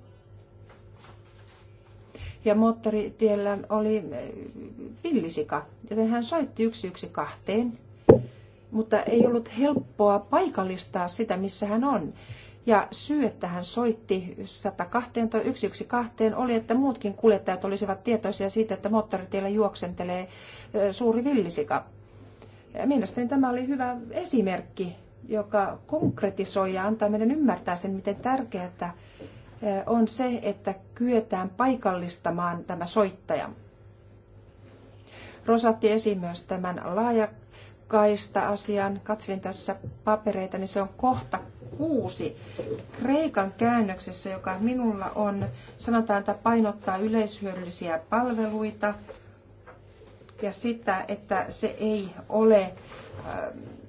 Ja moottoritiellä oli äh, villisika, joten hän soitti 112, mutta ei ollut helppoa paikallistaa sitä, missä hän on. Ja syy, että hän soitti 112, oli, että muutkin kuljettajat olisivat tietoisia siitä, että moottoritiellä juoksentelee suuri villisika. Ja mielestäni tämä oli hyvä esimerkki, joka konkretisoi ja antaa meidän ymmärtää sen, miten tärkeää on se, että kyetään paikallistamaan tämä soittaja. Rosatti esiin myös tämän laajakaista asian. Katselin tässä papereita, niin se on kohta 6 Kreikan käännöksessä, joka minulla on, sanotaan, että painottaa yleishyödyllisiä palveluita ja sitä, että se ei ole äh,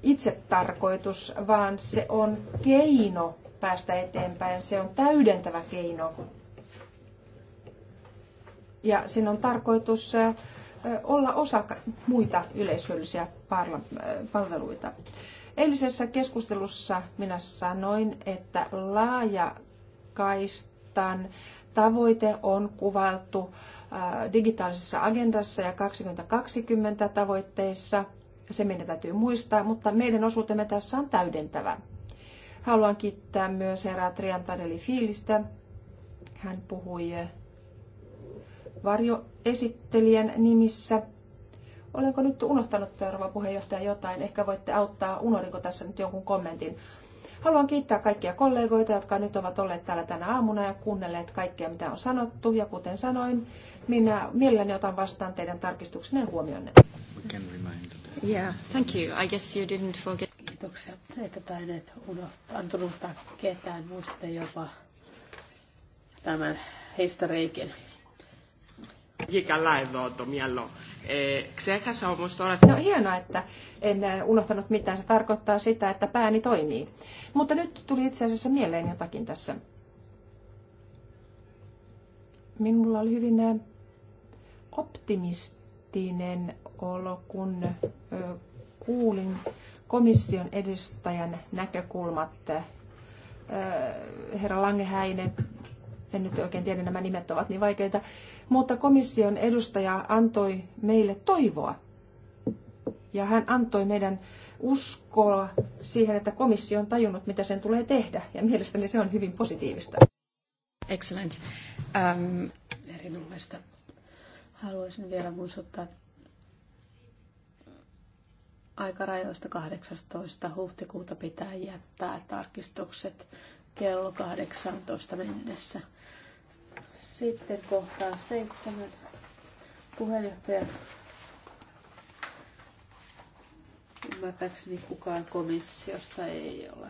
itsetarkoitus, vaan se on keino päästä eteenpäin. Se on täydentävä keino. Ja sen on tarkoitus äh, olla osa muita yleishyödyllisiä äh, palveluita. Eilisessä keskustelussa minä sanoin, että laajakaistan tavoite on kuvailtu digitaalisessa agendassa ja 2020 tavoitteissa. Se meidän täytyy muistaa, mutta meidän osuutemme tässä on täydentävä. Haluan kiittää myös herää Triantaneli Fiilistä. Hän puhui varjoesittelijän nimissä Olenko nyt unohtanut, rouva puheenjohtaja, jotain? Ehkä voitte auttaa. Unohdinko tässä nyt jonkun kommentin? Haluan kiittää kaikkia kollegoita, jotka nyt ovat olleet täällä tänä aamuna ja kuunnelleet kaikkea, mitä on sanottu. Ja kuten sanoin, minä mielelläni otan vastaan teidän tarkistuksenne ja huomionne. Yeah, thank you. I guess you didn't forget. Kiitoksia, että tainneet unohtaa, unohtaa ketään, muistatte jopa tämän historiikin. Καλά εδώ το on eh, musta τώρα... No hienoa, että en eh, unohtanut mitään. Se tarkoittaa sitä, että pääni toimii. Mutta nyt tuli itse asiassa mieleen jotakin tässä. Minulla oli hyvin eh, optimistinen olo, kun kuulin komission edistäjän näkökulmat. Herra Langehäinen en nyt oikein tiedä, nämä nimet ovat niin vaikeita, mutta komission edustaja antoi meille toivoa. Ja hän antoi meidän uskoa siihen, että komissio on tajunnut, mitä sen tulee tehdä. Ja mielestäni se on hyvin positiivista. Excellent. Um, erinomaista. Haluaisin vielä muistuttaa aikarajoista 18. huhtikuuta pitää jättää tarkistukset kello 18 mennessä. Sitten kohtaa seitsemän. Puheenjohtaja ymmärtääkseni kukaan komissiosta ei ole.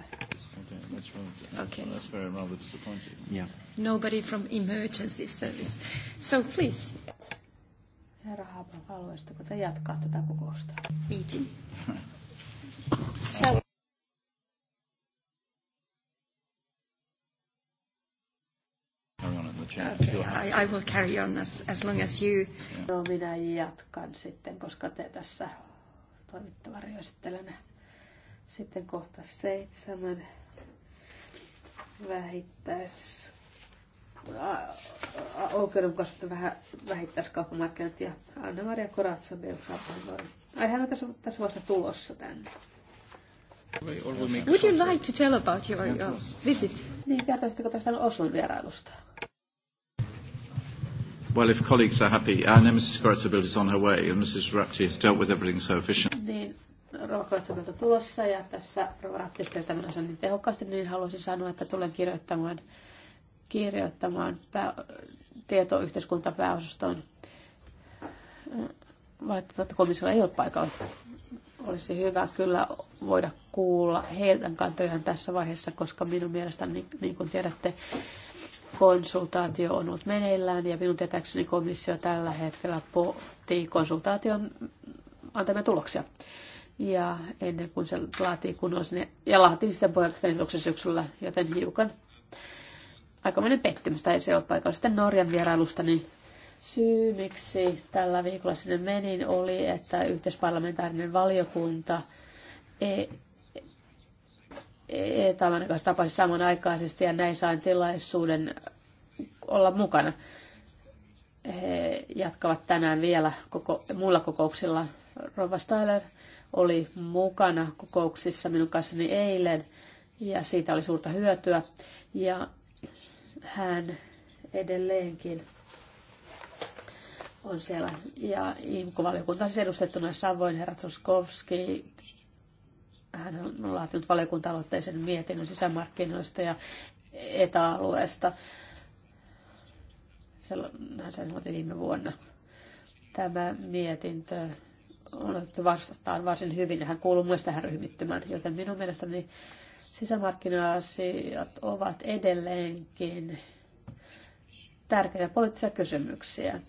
Okay. That's very rather disappointing. Yeah. Nobody from emergency service. So please. Herra Haapa, alueesta, te jatkaa tätä kokousta. Meeting. so. chance Okay, I, I will carry on as, as long as you... No, minä jatkan sitten, koska te tässä toimitte varjoesittelijänä. Sitten kohta seitsemän vähittäis oikeudenmukaisuutta vähän vähittäiskauppamarkkinat ja Anna-Maria Koratsa Belsapainoin. Ai hän on tässä, tässä vasta tulossa tänne. Would you like to tell about your, your uh, visit? Niin, kertoisitteko tästä Oslon vierailusta? Well, if colleagues are happy, I know Mrs. Koratsabilt is on her way, and Mrs. Rapti has dealt with everything so efficiently. Niin, Koratsabilta tulossa, ja tässä Rapti tämän asian niin tehokkaasti, niin haluaisin sanoa, että tulen kirjoittamaan, kirjoittamaan pää, tietoyhteiskuntapääosastoon. Valitettavasti että komissiolla ei ole paikalla. Olisi hyvä kyllä voida kuulla heidän kantojaan tässä vaiheessa, koska minun mielestäni, niin, niin kuin tiedätte, konsultaatio on ollut meneillään ja minun tietääkseni komissio tällä hetkellä pohtii konsultaation antamia tuloksia. Ja ennen kuin se laatii kunnollisen, ja laatii sen pohjalta sen syksyllä, joten hiukan aikamoinen pettymys, tai ei se ole paikalla sitten Norjan vierailusta, niin syy, miksi tällä viikolla sinne menin, oli, että yhteisparlamentaarinen valiokunta ei Etaman kanssa tapasin samanaikaisesti ja näin sain tilaisuuden olla mukana. He jatkavat tänään vielä koko, muilla kokouksilla. Rova Steiler oli mukana kokouksissa minun kanssani eilen ja siitä oli suurta hyötyä. Ja hän edelleenkin on siellä. Ja IMK-valiokunta on siis edustettuna Savoin herra hän on laatinut valiokunta-aloitteisen mietinnön sisämarkkinoista ja etäalueesta. Hän sen otti viime vuonna. Tämä mietintö on otettu vastaan varsin hyvin ja hän kuuluu myös tähän ryhmittymään, joten minun mielestäni sisämarkkina-asiat ovat edelleenkin tärkeitä poliittisia kysymyksiä.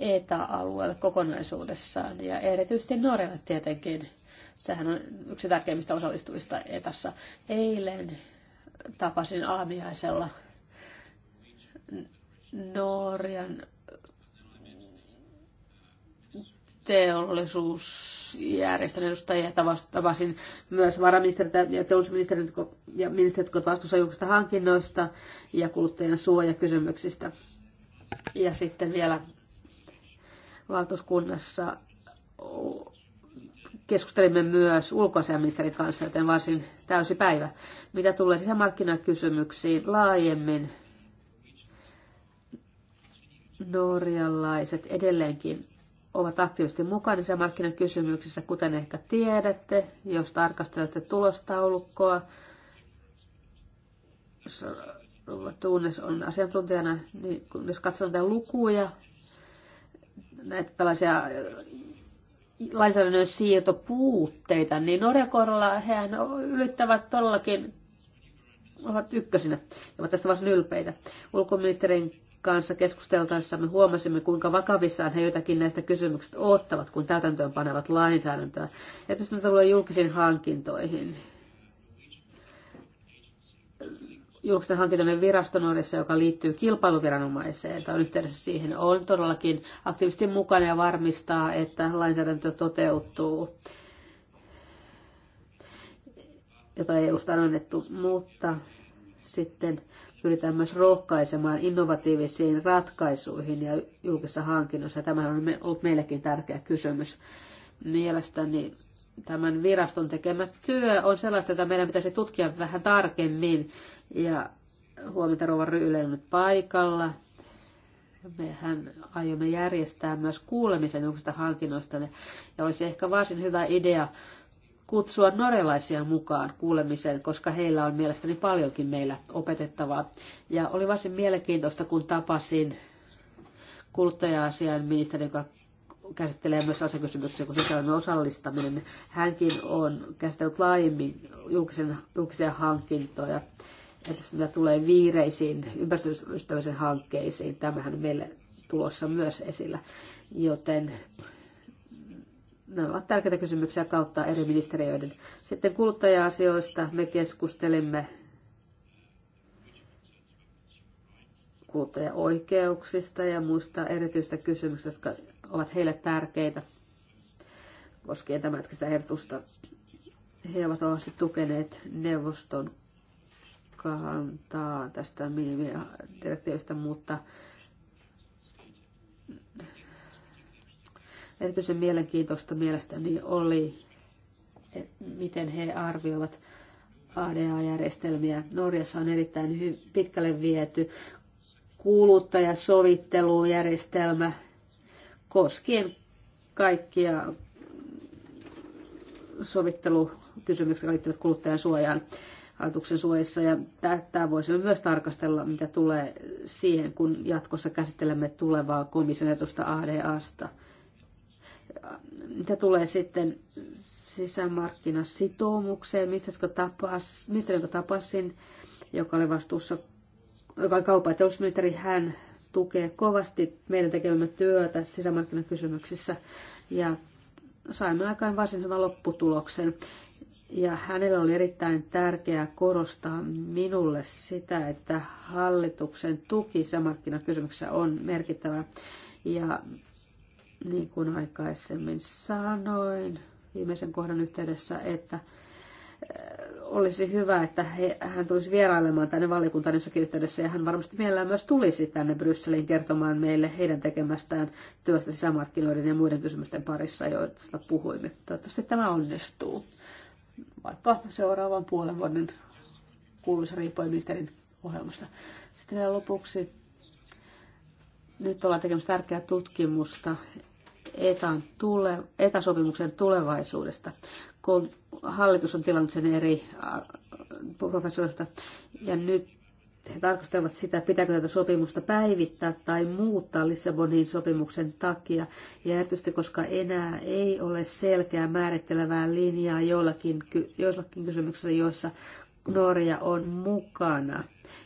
ETA-alueelle kokonaisuudessaan ja erityisesti Norjalle tietenkin Sehän on yksi tärkeimmistä osallistujista etässä. Eilen tapasin aamiaisella Norjan teollisuusjärjestön edustajia tapasin myös varaministeriä ja teollisuusministeriä ja ministerit, jotka vastuussa julkisista hankinnoista ja kuluttajien suojakysymyksistä. Ja sitten vielä valtuuskunnassa keskustelimme myös ulkoasiaministerin kanssa, joten varsin täysi päivä. Mitä tulee sisämarkkinakysymyksiin laajemmin, norjalaiset edelleenkin ovat aktiivisesti mukana sisämarkkinakysymyksissä, kuten ehkä tiedätte, jos tarkastelette tulostaulukkoa. tunnes on asiantuntijana, niin jos katsotaan näitä lukuja, näitä tällaisia lainsäädännön siirtopuutteita, niin Norjan kohdalla hehän ylittävät todellakin, ovat ykkösinä ja ovat tästä varsin ylpeitä. Ulkoministerin kanssa keskusteltaessa me huomasimme, kuinka vakavissaan he jotakin näistä kysymyksistä ottavat, kun täytäntöön panevat lainsäädäntöä. Ja tästä tulee julkisiin hankintoihin. julkisten hankintojen viraston edessä, joka liittyy kilpailuviranomaiseen tai yhteydessä siihen, on todellakin aktiivisesti mukana ja varmistaa, että lainsäädäntö toteutuu, jota ei on annettu, mutta sitten pyritään myös rohkaisemaan innovatiivisiin ratkaisuihin ja julkisissa hankinnoissa. Tämähän on ollut meillekin tärkeä kysymys. Mielestäni tämän viraston tekemä työ on sellaista, jota meidän pitäisi tutkia vähän tarkemmin. Ja huomenta Rova Ryyle nyt paikalla. Mehän aiomme järjestää myös kuulemisen julkisista hankinnoista. Ja olisi ehkä varsin hyvä idea kutsua norjalaisia mukaan kuulemiseen, koska heillä on mielestäni paljonkin meillä opetettavaa. Ja oli varsin mielenkiintoista, kun tapasin kuluttaja-asian ministeri, joka käsittelee myös sellaisia kysymyksiä kuin sisällön osallistaminen. Hänkin on käsitellyt laajemmin julkisen, julkisia hankintoja, että mitä tulee viireisiin ympäristöystävällisiin hankkeisiin. Tämähän on meille tulossa myös esillä, joten nämä ovat tärkeitä kysymyksiä kautta eri ministeriöiden. Sitten kuluttaja-asioista me keskustelimme kuluttajaoikeuksista ja muista erityistä kysymyksistä, jotka ovat heille tärkeitä koskien tämänhetkistä ehdotusta. He ovat vahvasti tukeneet neuvoston kantaa tästä minimidirektiivistä, mutta erityisen mielenkiintoista mielestäni oli, miten he arvioivat ADA-järjestelmiä. Norjassa on erittäin pitkälle viety kuuluttajasovittelujärjestelmä, koskien kaikkia sovittelukysymyksiä liittyvät kuluttajan suojaan hallituksen suojissa. Ja tätä voisimme myös tarkastella, mitä tulee siihen, kun jatkossa käsittelemme tulevaa komission etusta ADAsta. Mitä tulee sitten sisämarkkinasitoumukseen, mistä, jotka tapas, mistä jotka tapasin, joka oli vastuussa joka oli kauppa- ja hän tukee kovasti meidän tekemämme työtä sisämarkkinakysymyksissä ja saimme aikaan varsin hyvän lopputuloksen. Ja hänellä oli erittäin tärkeää korostaa minulle sitä, että hallituksen tuki sisämarkkinakysymyksessä on merkittävä. Ja niin kuin aikaisemmin sanoin viimeisen kohdan yhteydessä, että olisi hyvä, että he, hän tulisi vierailemaan tänne valiokuntaan jossakin yhteydessä ja hän varmasti mielellään myös tulisi tänne Brysseliin kertomaan meille heidän tekemästään työstä sisämarkkinoiden ja muiden kysymysten parissa, joista puhuimme. Toivottavasti tämä onnistuu, vaikka seuraavan puolen vuoden kuuluisa riippuen ministerin ohjelmasta. Sitten vielä lopuksi. Nyt ollaan tekemässä tärkeää tutkimusta ETAn ETA-sopimuksen e tulevaisuudesta. Kun hallitus on tilannut sen eri professorilta, ja nyt he tarkastelevat sitä, pitääkö tätä sopimusta päivittää tai muuttaa Lissabonin sopimuksen takia, ja erityisesti koska enää ei ole selkeää määrittelevää linjaa joillakin, joillakin kysymyksillä, joissa Norja on mukana.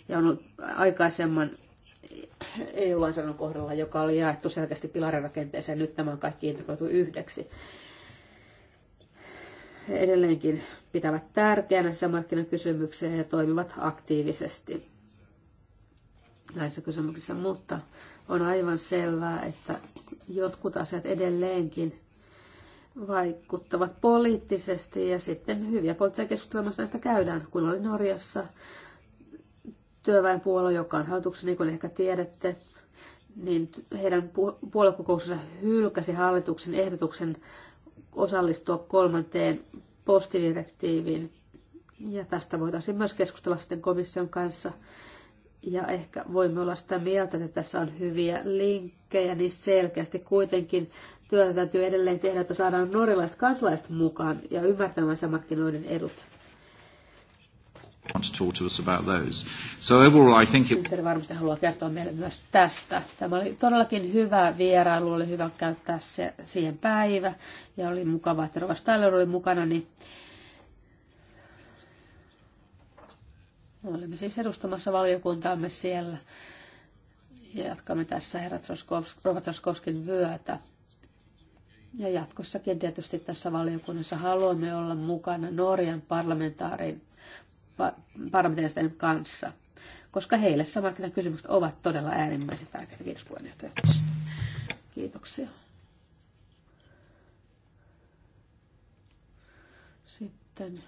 Ja on ollut aikaisemman EU-lainsäädännön kohdalla, joka oli jaettu selkeästi pilarirakenteeseen, nyt tämä on kaikki integroitu yhdeksi edelleenkin pitävät tärkeänä sisämarkkinakysymyksiä ja toimivat aktiivisesti näissä kysymyksissä, mutta on aivan selvää, että jotkut asiat edelleenkin vaikuttavat poliittisesti ja sitten hyviä poliittisia keskusteluja näistä käydään. Kun olin Norjassa työväenpuolue, joka on hallituksen, niin kuin ehkä tiedätte, niin heidän puoluekokouksensa hylkäsi hallituksen ehdotuksen osallistua kolmanteen postidirektiiviin. Ja tästä voitaisiin myös keskustella sitten komission kanssa. Ja ehkä voimme olla sitä mieltä, että tässä on hyviä linkkejä, niin selkeästi kuitenkin työtä täytyy edelleen tehdä, että saadaan norjalaiset kansalaiset mukaan ja ymmärtämään markkinoiden edut want to talk to us about those. So overall, I think it... Ministeri varmasti haluaa kertoa meille myös tästä. Tämä oli todellakin hyvä vierailu, oli hyvä käyttää se, siihen päivä, ja oli mukava, että Rovas Tyler oli mukana, niin olemme siis edustamassa valiokuntaamme siellä, ja jatkamme tässä herra Troskovskin vyötä. Ja jatkossakin tietysti tässä valiokunnassa haluamme olla mukana Norjan parlamentaarin parlamentaaristen kanssa, koska heille sisämarkkinakysymykset ovat todella äärimmäisen tärkeitä. Kiitos puheenjohtaja. Kiitoksia. Sitten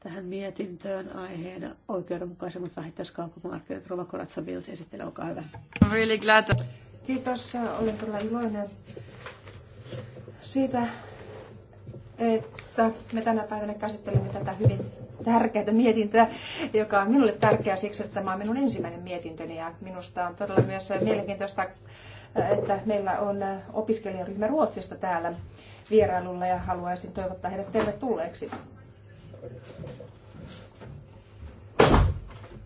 tähän mietintöön aiheena oikeudenmukaisemmat vähittäiskauppamarkkinat. Rova Koratsa Bilt esittelee, olkaa hyvä. really glad. Kiitos, olen todella iloinen siitä, että me tänä päivänä käsittelemme tätä hyvin tärkeää mietintöä, joka on minulle tärkeä siksi, että tämä on minun ensimmäinen mietintöni ja minusta on todella myös mielenkiintoista, että meillä on opiskelijaryhmä Ruotsista täällä vierailulla ja haluaisin toivottaa heidät tervetulleeksi.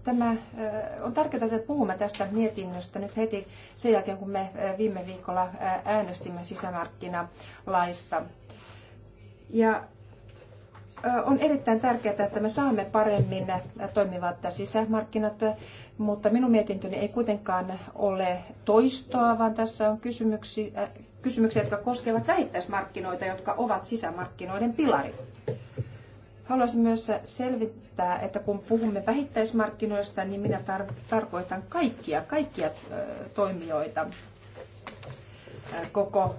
Tämä, on tärkeää, että puhumme tästä mietinnöstä nyt heti sen jälkeen, kun me viime viikolla äänestimme sisämarkkinalaista. laista ja on erittäin tärkeää, että me saamme paremmin toimivat sisämarkkinat, mutta minun mietintöni ei kuitenkaan ole toistoa, vaan tässä on kysymyksiä, kysymyksiä jotka koskevat vähittäismarkkinoita, jotka ovat sisämarkkinoiden pilari. Haluaisin myös selvittää, että kun puhumme vähittäismarkkinoista, niin minä tar- tarkoitan kaikkia, kaikkia toimijoita, koko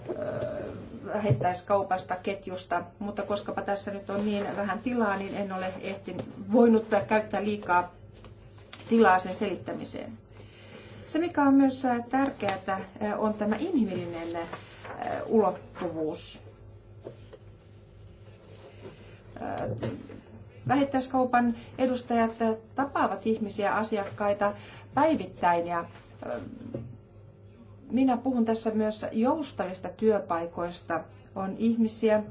vähittäiskaupasta, ketjusta, mutta koskapa tässä nyt on niin vähän tilaa, niin en ole ehtinyt voinut käyttää liikaa tilaa sen selittämiseen. Se, mikä on myös tärkeää, on tämä inhimillinen ulottuvuus. Vähittäiskaupan edustajat tapaavat ihmisiä, asiakkaita päivittäin ja minä puhun tässä myös joustavista työpaikoista. On ihmisiä,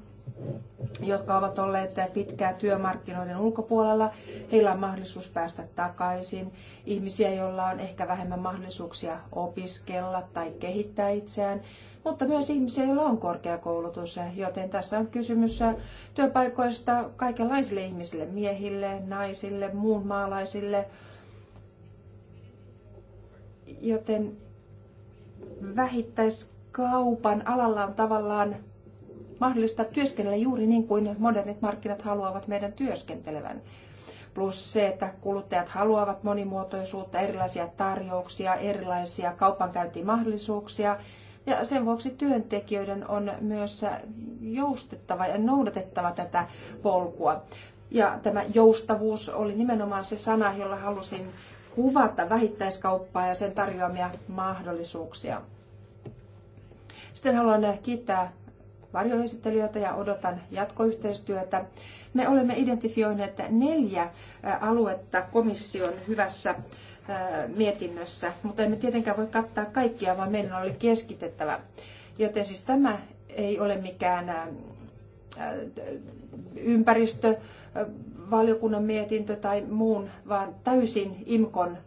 jotka ovat olleet pitkään työmarkkinoiden ulkopuolella. Heillä on mahdollisuus päästä takaisin. Ihmisiä, joilla on ehkä vähemmän mahdollisuuksia opiskella tai kehittää itseään, mutta myös ihmisiä, joilla on korkeakoulutus. Joten tässä on kysymys työpaikoista kaikenlaisille ihmisille, miehille, naisille, muunmaalaisille. Joten vähittäiskaupan alalla on tavallaan mahdollista työskennellä juuri niin kuin modernit markkinat haluavat meidän työskentelevän. Plus se, että kuluttajat haluavat monimuotoisuutta, erilaisia tarjouksia, erilaisia kaupankäyntimahdollisuuksia. Ja sen vuoksi työntekijöiden on myös joustettava ja noudatettava tätä polkua. Ja tämä joustavuus oli nimenomaan se sana, jolla halusin kuvata vähittäiskauppaa ja sen tarjoamia mahdollisuuksia. Sitten haluan kiittää varjoesittelijöitä ja odotan jatkoyhteistyötä. Me olemme identifioineet neljä aluetta komission hyvässä mietinnössä, mutta emme tietenkään voi kattaa kaikkia, vaan meidän oli keskitettävä. Joten siis tämä ei ole mikään ympäristö valiokunnan mietintö tai muun, vaan täysin IMKON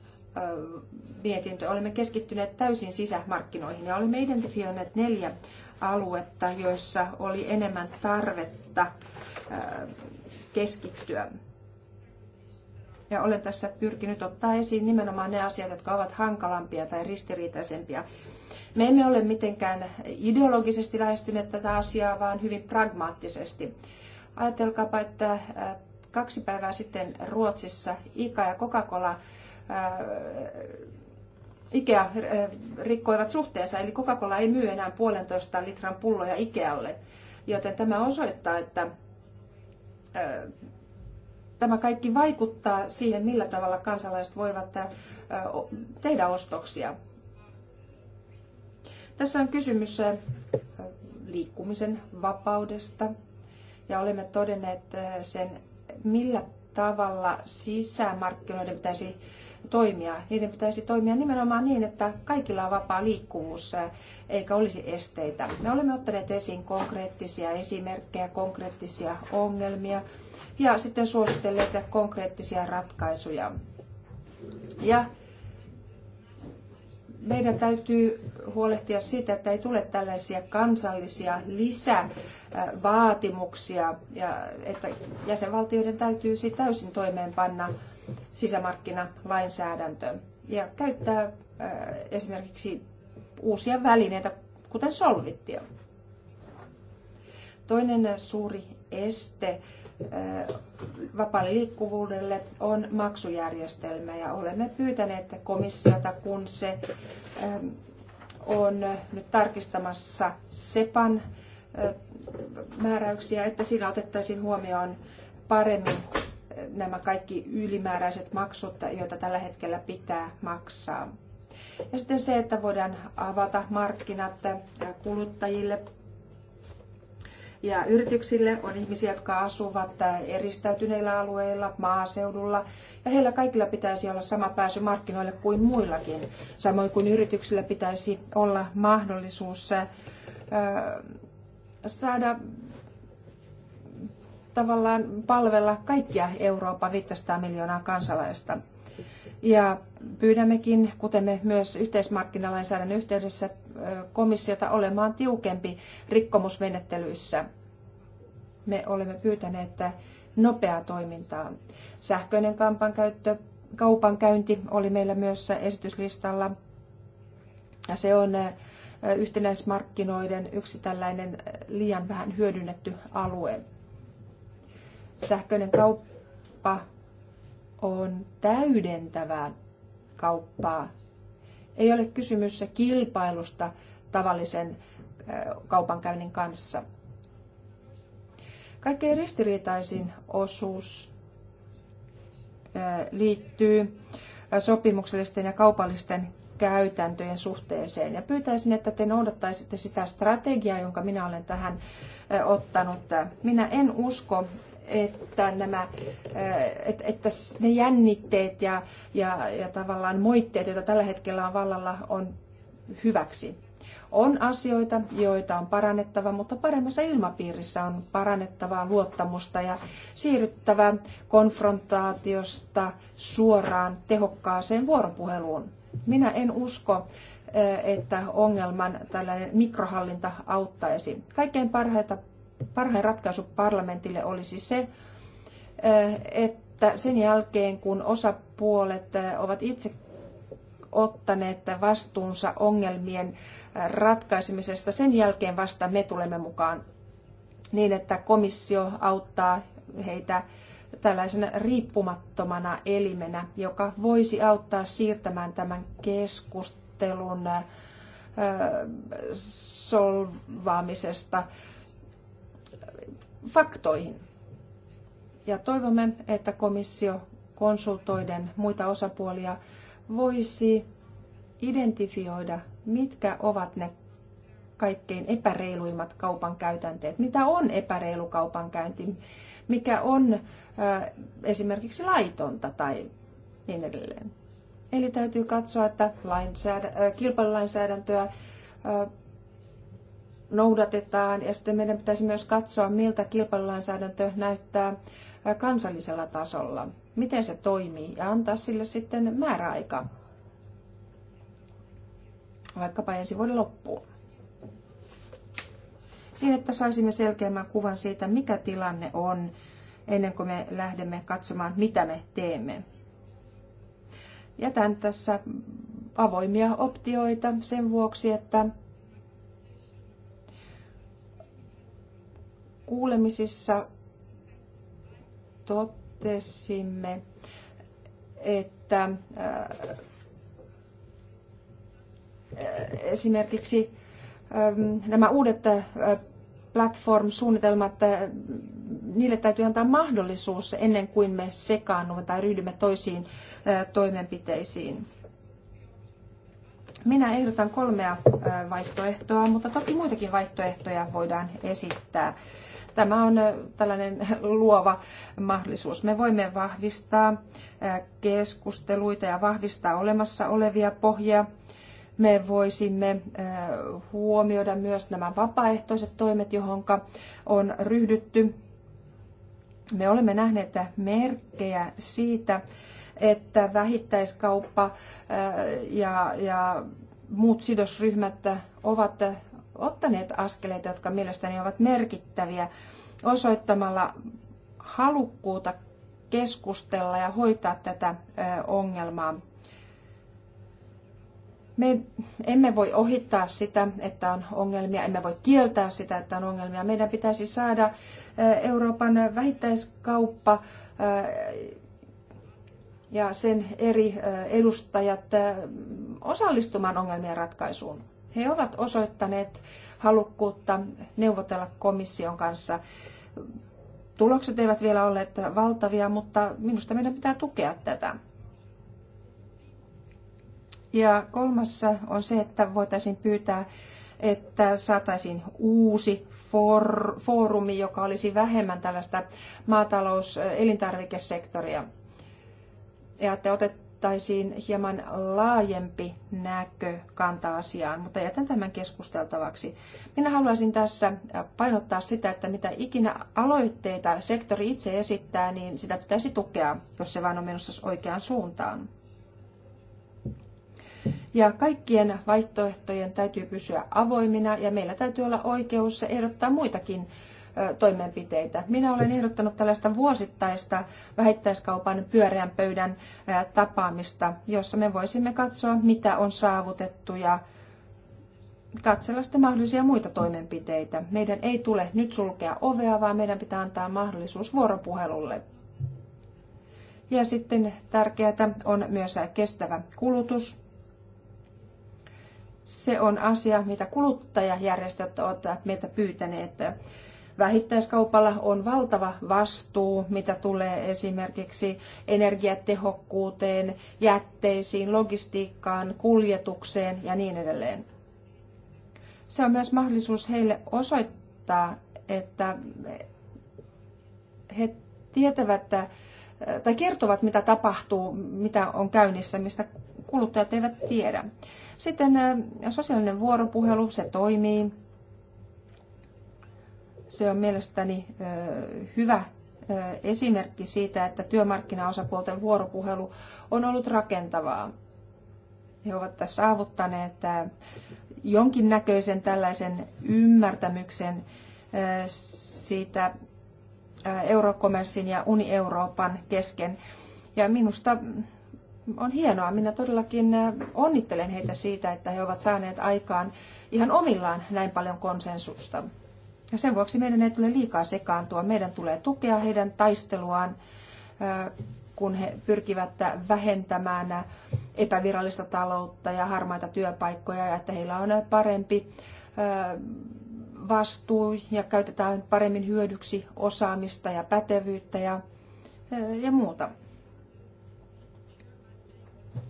mietintö. Olemme keskittyneet täysin sisämarkkinoihin ja olemme identifioineet neljä aluetta, joissa oli enemmän tarvetta keskittyä. Ja olen tässä pyrkinyt ottaa esiin nimenomaan ne asiat, jotka ovat hankalampia tai ristiriitaisempia. Me emme ole mitenkään ideologisesti lähestyneet tätä asiaa, vaan hyvin pragmaattisesti. Ajatelkaapa, että kaksi päivää sitten Ruotsissa Ika ja Coca-Cola äh, Ikea äh, rikkoivat suhteensa, eli Coca-Cola ei myy enää puolentoista litran pulloja Ikealle. Joten tämä osoittaa, että äh, tämä kaikki vaikuttaa siihen, millä tavalla kansalaiset voivat tehdä ostoksia. Tässä on kysymys liikkumisen vapaudesta ja olemme todenneet sen millä tavalla sisämarkkinoiden pitäisi toimia. Niiden pitäisi toimia nimenomaan niin, että kaikilla on vapaa liikkuvuus eikä olisi esteitä. Me olemme ottaneet esiin konkreettisia esimerkkejä, konkreettisia ongelmia ja sitten suositelleet konkreettisia ratkaisuja. Ja meidän täytyy huolehtia siitä, että ei tule tällaisia kansallisia lisävaatimuksia, ja että jäsenvaltioiden täytyy siis täysin toimeenpanna sisämarkkinalainsäädäntö ja käyttää äh, esimerkiksi uusia välineitä, kuten solvittia. Toinen suuri este äh, vapaalle liikkuvuudelle on maksujärjestelmä ja olemme pyytäneet komissiota, kun se ähm, on nyt tarkistamassa SEPAN äh, määräyksiä, että siinä otettaisiin huomioon paremmin äh, nämä kaikki ylimääräiset maksut, joita tällä hetkellä pitää maksaa. Ja sitten se, että voidaan avata markkinat äh, kuluttajille, ja yrityksille on ihmisiä, jotka asuvat äh, eristäytyneillä alueilla, maaseudulla ja heillä kaikilla pitäisi olla sama pääsy markkinoille kuin muillakin. Samoin kuin yrityksillä pitäisi olla mahdollisuus äh, saada tavallaan palvella kaikkia Euroopan 500 miljoonaa kansalaista. Ja pyydämmekin, kuten me myös yhteismarkkinalainsäädännön yhteydessä komissiota olemaan tiukempi rikkomusmenettelyissä. Me olemme pyytäneet nopeaa toimintaa. Sähköinen kampankäyttö, kaupankäynti oli meillä myös esityslistalla. Ja se on yhtenäismarkkinoiden yksi tällainen liian vähän hyödynnetty alue. Sähköinen kauppa on täydentävää kauppaa. Ei ole kysymys kilpailusta tavallisen kaupankäynnin kanssa. Kaikkein ristiriitaisin osuus liittyy sopimuksellisten ja kaupallisten käytäntöjen suhteeseen. Ja pyytäisin, että te noudattaisitte sitä strategiaa, jonka minä olen tähän ottanut. Minä en usko, että, nämä, että ne jännitteet ja, ja, ja tavallaan moitteet, joita tällä hetkellä on vallalla, on hyväksi. On asioita, joita on parannettava, mutta paremmassa ilmapiirissä on parannettavaa luottamusta ja siirryttävä konfrontaatiosta suoraan tehokkaaseen vuoropuheluun. Minä en usko, että ongelman tällainen mikrohallinta auttaisi. Kaikkein parhaita parhain ratkaisu parlamentille olisi se, että sen jälkeen kun osapuolet ovat itse ottaneet vastuunsa ongelmien ratkaisemisesta, sen jälkeen vasta me tulemme mukaan niin, että komissio auttaa heitä tällaisena riippumattomana elimenä, joka voisi auttaa siirtämään tämän keskustelun solvaamisesta faktoihin. Ja toivomme, että komissio konsultoiden muita osapuolia voisi identifioida, mitkä ovat ne kaikkein epäreiluimmat kaupan käytänteet. Mitä on epäreilu kaupankäynti? Mikä on esimerkiksi laitonta tai niin edelleen. Eli täytyy katsoa, että lainsäädä, kilpailulainsäädäntöä noudatetaan ja sitten meidän pitäisi myös katsoa, miltä kilpailulainsäädäntö näyttää kansallisella tasolla, miten se toimii ja antaa sille sitten määräaika, vaikkapa ensi vuoden loppuun. Niin, että saisimme selkeämmän kuvan siitä, mikä tilanne on ennen kuin me lähdemme katsomaan, mitä me teemme. Jätän tässä avoimia optioita sen vuoksi, että kuulemisissa totesimme, että äh, äh, esimerkiksi ähm, nämä uudet äh, platform-suunnitelmat, niille täytyy antaa mahdollisuus ennen kuin me sekaannumme tai ryhdymme toisiin toimenpiteisiin. Minä ehdotan kolmea vaihtoehtoa, mutta toki muitakin vaihtoehtoja voidaan esittää. Tämä on tällainen luova mahdollisuus. Me voimme vahvistaa keskusteluita ja vahvistaa olemassa olevia pohjia. Me voisimme huomioida myös nämä vapaaehtoiset toimet, johon on ryhdytty. Me olemme nähneet merkkejä siitä, että vähittäiskauppa ja, ja muut sidosryhmät ovat ottaneet askeleet, jotka mielestäni ovat merkittäviä osoittamalla halukkuutta keskustella ja hoitaa tätä ongelmaa. Me emme voi ohittaa sitä, että on ongelmia, emme voi kieltää sitä, että on ongelmia. Meidän pitäisi saada Euroopan vähittäiskauppa ja sen eri edustajat osallistumaan ongelmien ratkaisuun. He ovat osoittaneet halukkuutta neuvotella komission kanssa. Tulokset eivät vielä olleet valtavia, mutta minusta meidän pitää tukea tätä. Ja kolmas on se, että voitaisiin pyytää, että saataisiin uusi for, foorumi, joka olisi vähemmän tällaista maatalous- elintarvikesektoria. Ja että otet, otettaisiin hieman laajempi näkö kantaa asiaan, mutta jätän tämän keskusteltavaksi. Minä haluaisin tässä painottaa sitä, että mitä ikinä aloitteita sektori itse esittää, niin sitä pitäisi tukea, jos se vain on menossa oikeaan suuntaan. Ja kaikkien vaihtoehtojen täytyy pysyä avoimina ja meillä täytyy olla oikeus ehdottaa muitakin toimenpiteitä. Minä olen ehdottanut tällaista vuosittaista vähittäiskaupan pyöreän pöydän tapaamista, jossa me voisimme katsoa, mitä on saavutettu ja katsella sitten mahdollisia muita toimenpiteitä. Meidän ei tule nyt sulkea ovea, vaan meidän pitää antaa mahdollisuus vuoropuhelulle. Ja sitten tärkeää on myös kestävä kulutus. Se on asia, mitä kuluttajajärjestöt ovat meiltä pyytäneet vähittäiskaupalla on valtava vastuu, mitä tulee esimerkiksi energiatehokkuuteen, jätteisiin, logistiikkaan, kuljetukseen ja niin edelleen. Se on myös mahdollisuus heille osoittaa, että he tietävät äh, tai kertovat, mitä tapahtuu, mitä on käynnissä, mistä kuluttajat eivät tiedä. Sitten äh, sosiaalinen vuoropuhelu, se toimii se on mielestäni hyvä esimerkki siitä, että työmarkkinaosapuolten vuoropuhelu on ollut rakentavaa. He ovat tässä saavuttaneet jonkinnäköisen tällaisen ymmärtämyksen siitä Eurokomerssin ja Uni-Euroopan kesken. Ja minusta on hienoa. Minä todellakin onnittelen heitä siitä, että he ovat saaneet aikaan ihan omillaan näin paljon konsensusta. Ja sen vuoksi meidän ei tule liikaa sekaantua. Meidän tulee tukea heidän taisteluaan, kun he pyrkivät vähentämään epävirallista taloutta ja harmaita työpaikkoja, ja että heillä on parempi vastuu ja käytetään paremmin hyödyksi osaamista ja pätevyyttä ja, ja muuta.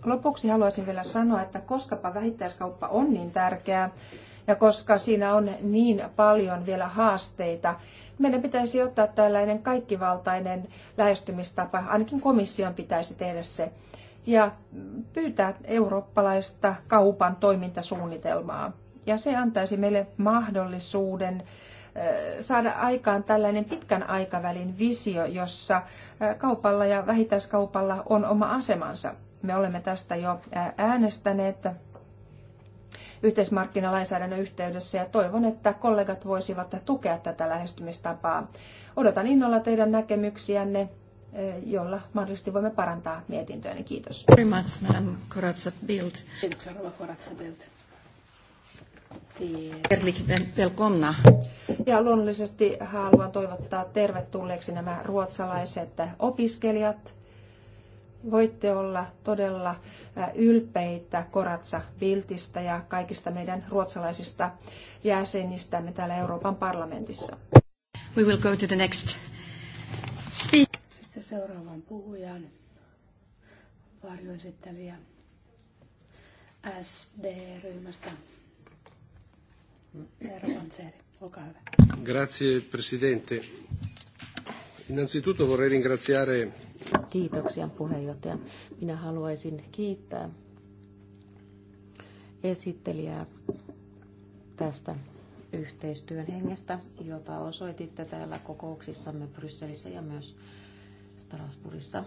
Lopuksi haluaisin vielä sanoa, että koskapa vähittäiskauppa on niin tärkeää, ja koska siinä on niin paljon vielä haasteita, meidän pitäisi ottaa tällainen kaikkivaltainen lähestymistapa, ainakin komission pitäisi tehdä se, ja pyytää eurooppalaista kaupan toimintasuunnitelmaa. Ja se antaisi meille mahdollisuuden saada aikaan tällainen pitkän aikavälin visio, jossa kaupalla ja vähittäiskaupalla on oma asemansa. Me olemme tästä jo äänestäneet yhteismarkkinalainsäädännön yhteydessä ja toivon, että kollegat voisivat tukea tätä lähestymistapaa. Odotan innolla teidän näkemyksiänne eh, jolla mahdollisesti voimme parantaa mietintöä. Niin kiitos. Very much, Madam Bild. Ja luonnollisesti haluan toivottaa tervetulleeksi nämä ruotsalaiset opiskelijat, voitte olla todella ylpeitä Koratsa Biltistä ja kaikista meidän ruotsalaisista jäsenistämme täällä Euroopan parlamentissa. We will go to the next speak. Sitten seuraavaan puhujaan varjoesittelijä SD-ryhmästä. Eero Panzeri, olkaa hyvä. Grazie Presidente. Innanzitutto vorrei ringraziare Kiitoksia puheenjohtaja. Minä haluaisin kiittää esittelijää tästä yhteistyön hengestä, jota osoititte täällä kokouksissamme Brysselissä ja myös Strasbourgissa.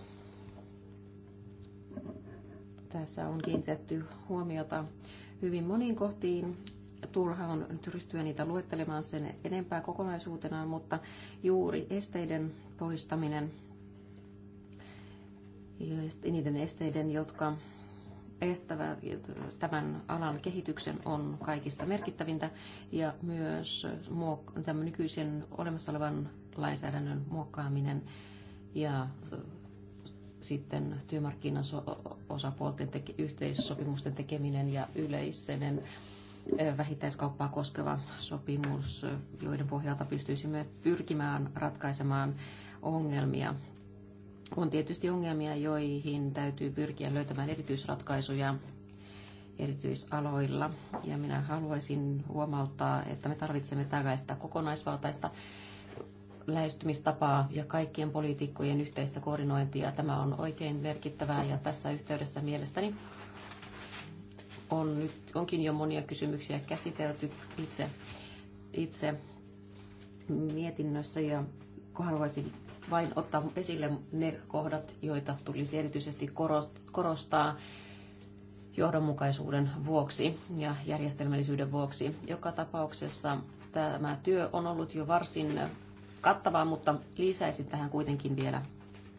Tässä on kiinnitetty huomiota hyvin moniin kohtiin. Turha on nyt ryhtyä niitä luettelemaan sen enempää kokonaisuutenaan, mutta juuri esteiden poistaminen ja niiden esteiden, jotka estävät tämän alan kehityksen on kaikista merkittävintä ja myös tämän nykyisen olemassa olevan lainsäädännön muokkaaminen ja sitten työmarkkinan osapuolten teke- yhteissopimusten tekeminen ja yleisen vähittäiskauppaa koskeva sopimus, joiden pohjalta pystyisimme pyrkimään ratkaisemaan ongelmia on tietysti ongelmia, joihin täytyy pyrkiä löytämään erityisratkaisuja erityisaloilla. Ja minä haluaisin huomauttaa, että me tarvitsemme tällaista kokonaisvaltaista lähestymistapaa ja kaikkien poliitikkojen yhteistä koordinointia. Tämä on oikein merkittävää ja tässä yhteydessä mielestäni on nyt, onkin jo monia kysymyksiä käsitelty itse, itse mietinnössä ja haluaisin vain ottaa esille ne kohdat, joita tulisi erityisesti korostaa johdonmukaisuuden vuoksi ja järjestelmällisyyden vuoksi. Joka tapauksessa tämä työ on ollut jo varsin kattavaa, mutta lisäisin tähän kuitenkin vielä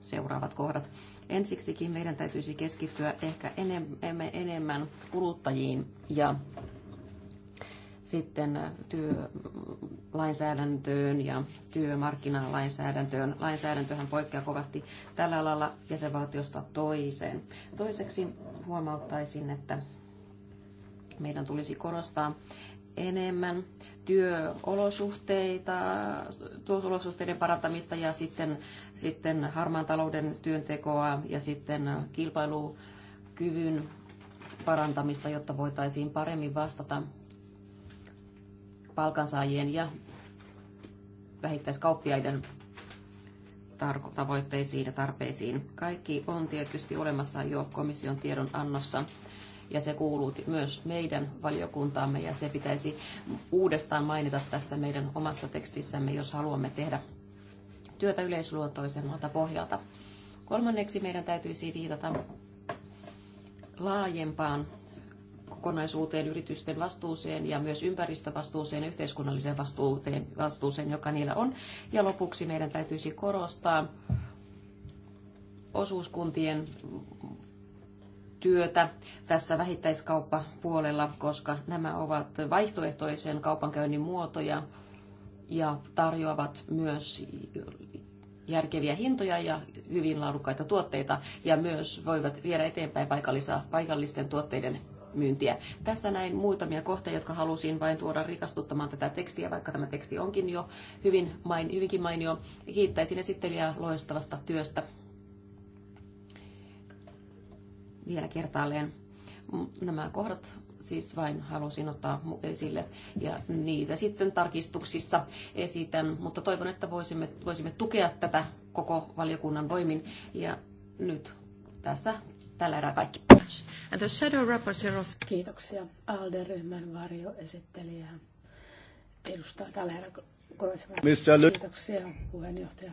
seuraavat kohdat. Ensiksikin meidän täytyisi keskittyä ehkä enemmän kuluttajiin ja sitten äh, työlainsäädäntöön ja työmarkkinalainsäädäntöön. Lainsäädäntöhän poikkeaa kovasti tällä alalla jäsenvaltiosta toiseen. Toiseksi huomauttaisin, että meidän tulisi korostaa enemmän työolosuhteita, työolosuhteiden parantamista ja sitten, sitten harmaan talouden työntekoa ja sitten kilpailukyvyn parantamista, jotta voitaisiin paremmin vastata palkansaajien ja vähittäiskauppiaiden tavoitteisiin ja tarpeisiin. Kaikki on tietysti olemassa jo komission tiedon annossa ja se kuuluu myös meidän valiokuntaamme ja se pitäisi uudestaan mainita tässä meidän omassa tekstissämme, jos haluamme tehdä työtä yleisluontoisemmalta pohjalta. Kolmanneksi meidän täytyisi viitata laajempaan kokonaisuuteen, yritysten vastuuseen ja myös ympäristövastuuseen, yhteiskunnalliseen vastuuteen, vastuuseen, joka niillä on. Ja lopuksi meidän täytyisi korostaa osuuskuntien työtä tässä vähittäiskauppapuolella, koska nämä ovat vaihtoehtoisen kaupankäynnin muotoja ja tarjoavat myös järkeviä hintoja ja hyvin laadukkaita tuotteita ja myös voivat viedä eteenpäin paikallisia, paikallisten tuotteiden myyntiä. Tässä näin muutamia kohtia, jotka halusin vain tuoda rikastuttamaan tätä tekstiä, vaikka tämä teksti onkin jo hyvin main, hyvinkin mainio. Kiittäisin esittelijää loistavasta työstä vielä kertaalleen. Nämä kohdat siis vain halusin ottaa esille ja niitä sitten tarkistuksissa esitän, mutta toivon, että voisimme, voisimme tukea tätä koko valiokunnan voimin ja nyt tässä Tällä erää kaikki. And the shadow rapporteur of... Kiitoksia. ALDE-ryhmän varjoesittelijä edustaa tällä herää Koroisvara. Kiitoksia puheenjohtaja.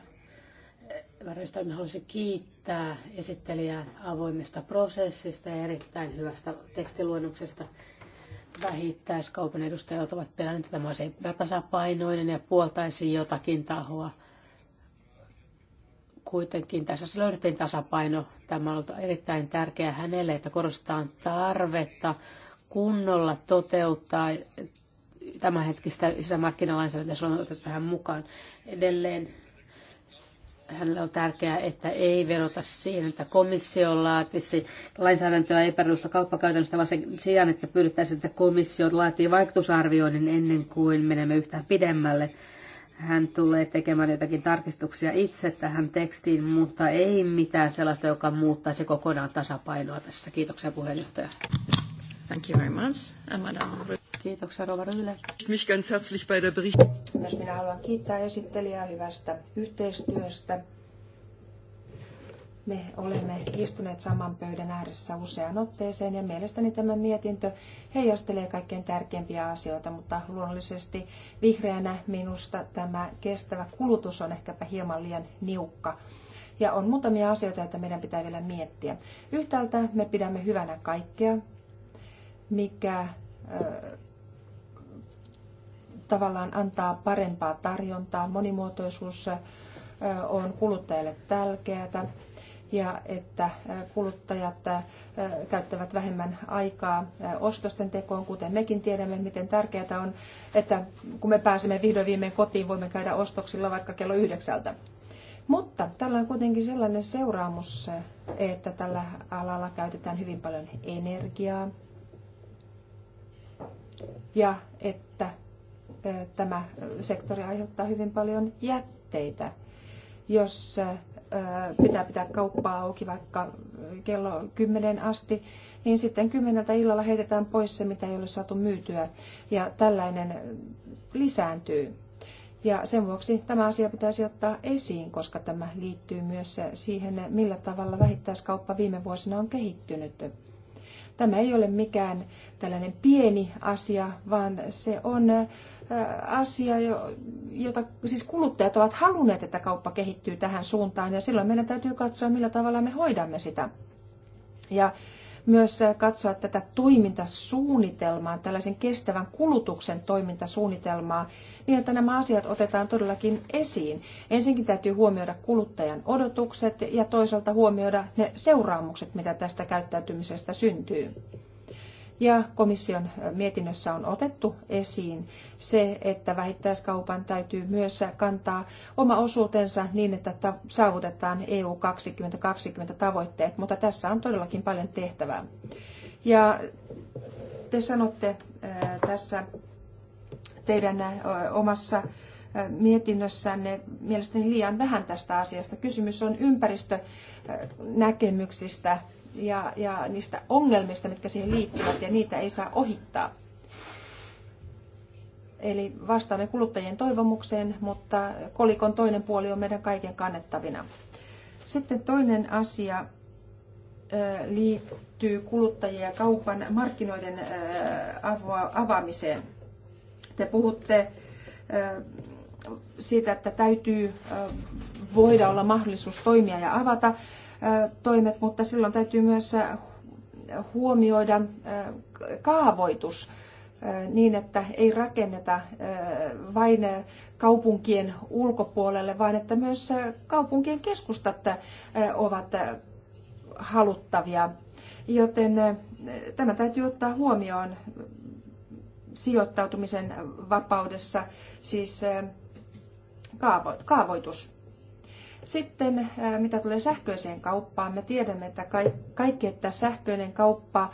Eh, Varjoistamme haluaisin kiittää esittelijää avoimesta prosessista ja erittäin hyvästä tekstiluonnoksesta vähittäiskaupan edustajat ovat pelänneet, että tämä olisi epätasapainoinen ja puoltaisi jotakin tahoa kuitenkin tässä löydettiin tasapaino. Tämä on ollut erittäin tärkeää hänelle, että korostetaan tarvetta kunnolla toteuttaa tämänhetkistä sisämarkkinalainsäädäntöä, se on otettu tähän mukaan. Edelleen hänelle on tärkeää, että ei verota siihen, että komissio laatisi lainsäädäntöä epäreilusta kauppakäytännöstä, vaan sen sijaan, että pyydettäisiin, että komissio laatii vaikutusarvioinnin ennen kuin menemme yhtään pidemmälle hän tulee tekemään jotakin tarkistuksia itse tähän tekstiin, mutta ei mitään sellaista, joka muuttaisi kokonaan tasapainoa tässä. Kiitoksia puheenjohtaja. Thank you very much. And Madame. Kiitoksia Rova Ryle. Mich ganz herzlich bei der Bericht. Myös minä haluan kiittää esittelijää hyvästä yhteistyöstä me olemme istuneet saman pöydän ääressä useaan otteeseen ja mielestäni tämä mietintö heijastelee kaikkein tärkeimpiä asioita, mutta luonnollisesti vihreänä minusta tämä kestävä kulutus on ehkäpä hieman liian niukka. Ja on muutamia asioita, joita meidän pitää vielä miettiä. Yhtäältä me pidämme hyvänä kaikkea, mikä ö, tavallaan antaa parempaa tarjontaa. Monimuotoisuus on kuluttajalle tärkeää ja että kuluttajat käyttävät vähemmän aikaa ostosten tekoon, kuten mekin tiedämme, miten tärkeää on, että kun me pääsemme vihdoin viimein kotiin, voimme käydä ostoksilla vaikka kello yhdeksältä. Mutta tällä on kuitenkin sellainen seuraamus, että tällä alalla käytetään hyvin paljon energiaa ja että tämä sektori aiheuttaa hyvin paljon jätteitä. Jos pitää pitää kauppaa auki vaikka kello 10 asti, niin sitten kymmeneltä illalla heitetään pois se, mitä ei ole saatu myytyä. Ja tällainen lisääntyy. Ja sen vuoksi tämä asia pitäisi ottaa esiin, koska tämä liittyy myös siihen, millä tavalla vähittäiskauppa viime vuosina on kehittynyt. Tämä ei ole mikään tällainen pieni asia, vaan se on asia, jota siis kuluttajat ovat halunneet, että kauppa kehittyy tähän suuntaan. Ja silloin meidän täytyy katsoa, millä tavalla me hoidamme sitä. Ja myös äh, katsoa tätä toimintasuunnitelmaa, tällaisen kestävän kulutuksen toimintasuunnitelmaa, niin että nämä asiat otetaan todellakin esiin. Ensinkin täytyy huomioida kuluttajan odotukset ja toisaalta huomioida ne seuraamukset, mitä tästä käyttäytymisestä syntyy. Ja komission mietinnössä on otettu esiin se, että vähittäiskaupan täytyy myös kantaa oma osuutensa niin, että saavutetaan EU 2020 tavoitteet, mutta tässä on todellakin paljon tehtävää. Ja te sanotte äh, tässä teidän äh, omassa äh, mietinnössänne mielestäni liian vähän tästä asiasta. Kysymys on ympäristönäkemyksistä ja, ja niistä ongelmista, mitkä siihen liittyvät, ja niitä ei saa ohittaa. Eli vastaamme kuluttajien toivomukseen, mutta kolikon toinen puoli on meidän kaiken kannettavina. Sitten toinen asia liittyy kuluttajien ja kaupan markkinoiden avaamiseen. Te puhutte siitä, että täytyy voida olla mahdollisuus toimia ja avata toimet, mutta silloin täytyy myös huomioida kaavoitus niin, että ei rakenneta vain kaupunkien ulkopuolelle, vaan että myös kaupunkien keskustat ovat haluttavia. Joten tämä täytyy ottaa huomioon sijoittautumisen vapaudessa, siis kaavoitus. Sitten mitä tulee sähköiseen kauppaan, me tiedämme, että kaikki, että sähköinen kauppa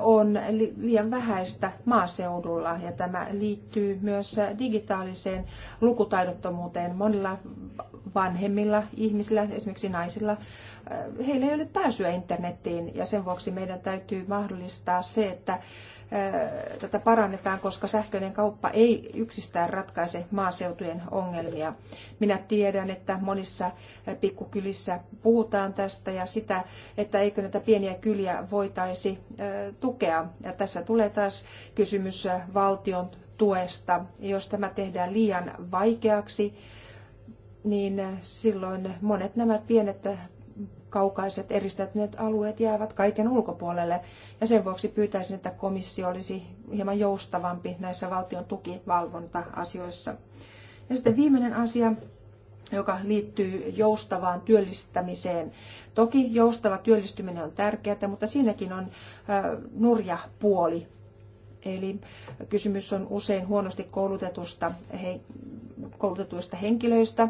on liian vähäistä maaseudulla ja tämä liittyy myös digitaaliseen lukutaidottomuuteen. Monilla vanhemmilla ihmisillä, esimerkiksi naisilla, heillä ei ole pääsyä internettiin ja sen vuoksi meidän täytyy mahdollistaa se, että tätä parannetaan, koska sähköinen kauppa ei yksistään ratkaise maaseutujen ongelmia. Minä tiedän, että monissa pikkukylissä puhutaan tästä ja sitä, että eikö näitä pieniä kyliä voitaisi tukea. Ja tässä tulee taas kysymys valtion tuesta. Jos tämä tehdään liian vaikeaksi, niin silloin monet nämä pienet kaukaiset eristäytyneet alueet jäävät kaiken ulkopuolelle ja sen vuoksi pyytäisin, että komissio olisi hieman joustavampi näissä valtion tukivalvonta-asioissa. Ja sitten viimeinen asia, joka liittyy joustavaan työllistämiseen. Toki joustava työllistyminen on tärkeää, mutta siinäkin on nurja puoli. Eli kysymys on usein huonosti koulutetusta, koulutetuista henkilöistä,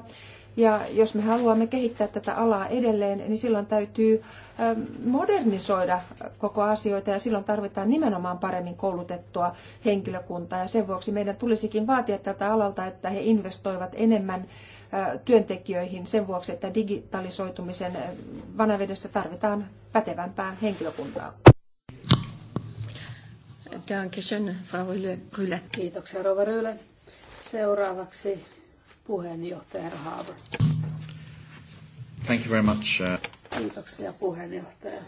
ja jos me haluamme kehittää tätä alaa edelleen, niin silloin täytyy modernisoida koko asioita ja silloin tarvitaan nimenomaan paremmin koulutettua henkilökuntaa. Ja sen vuoksi meidän tulisikin vaatia tätä alalta, että he investoivat enemmän työntekijöihin sen vuoksi, että digitalisoitumisen vanavedessä tarvitaan pätevämpää henkilökuntaa. Dankeschön, Frau Kiitoksia, Rova Ryle. Seuraavaksi puheenjohtaja Haava. Thank you very much. Uh, Kiitoksia puheenjohtaja.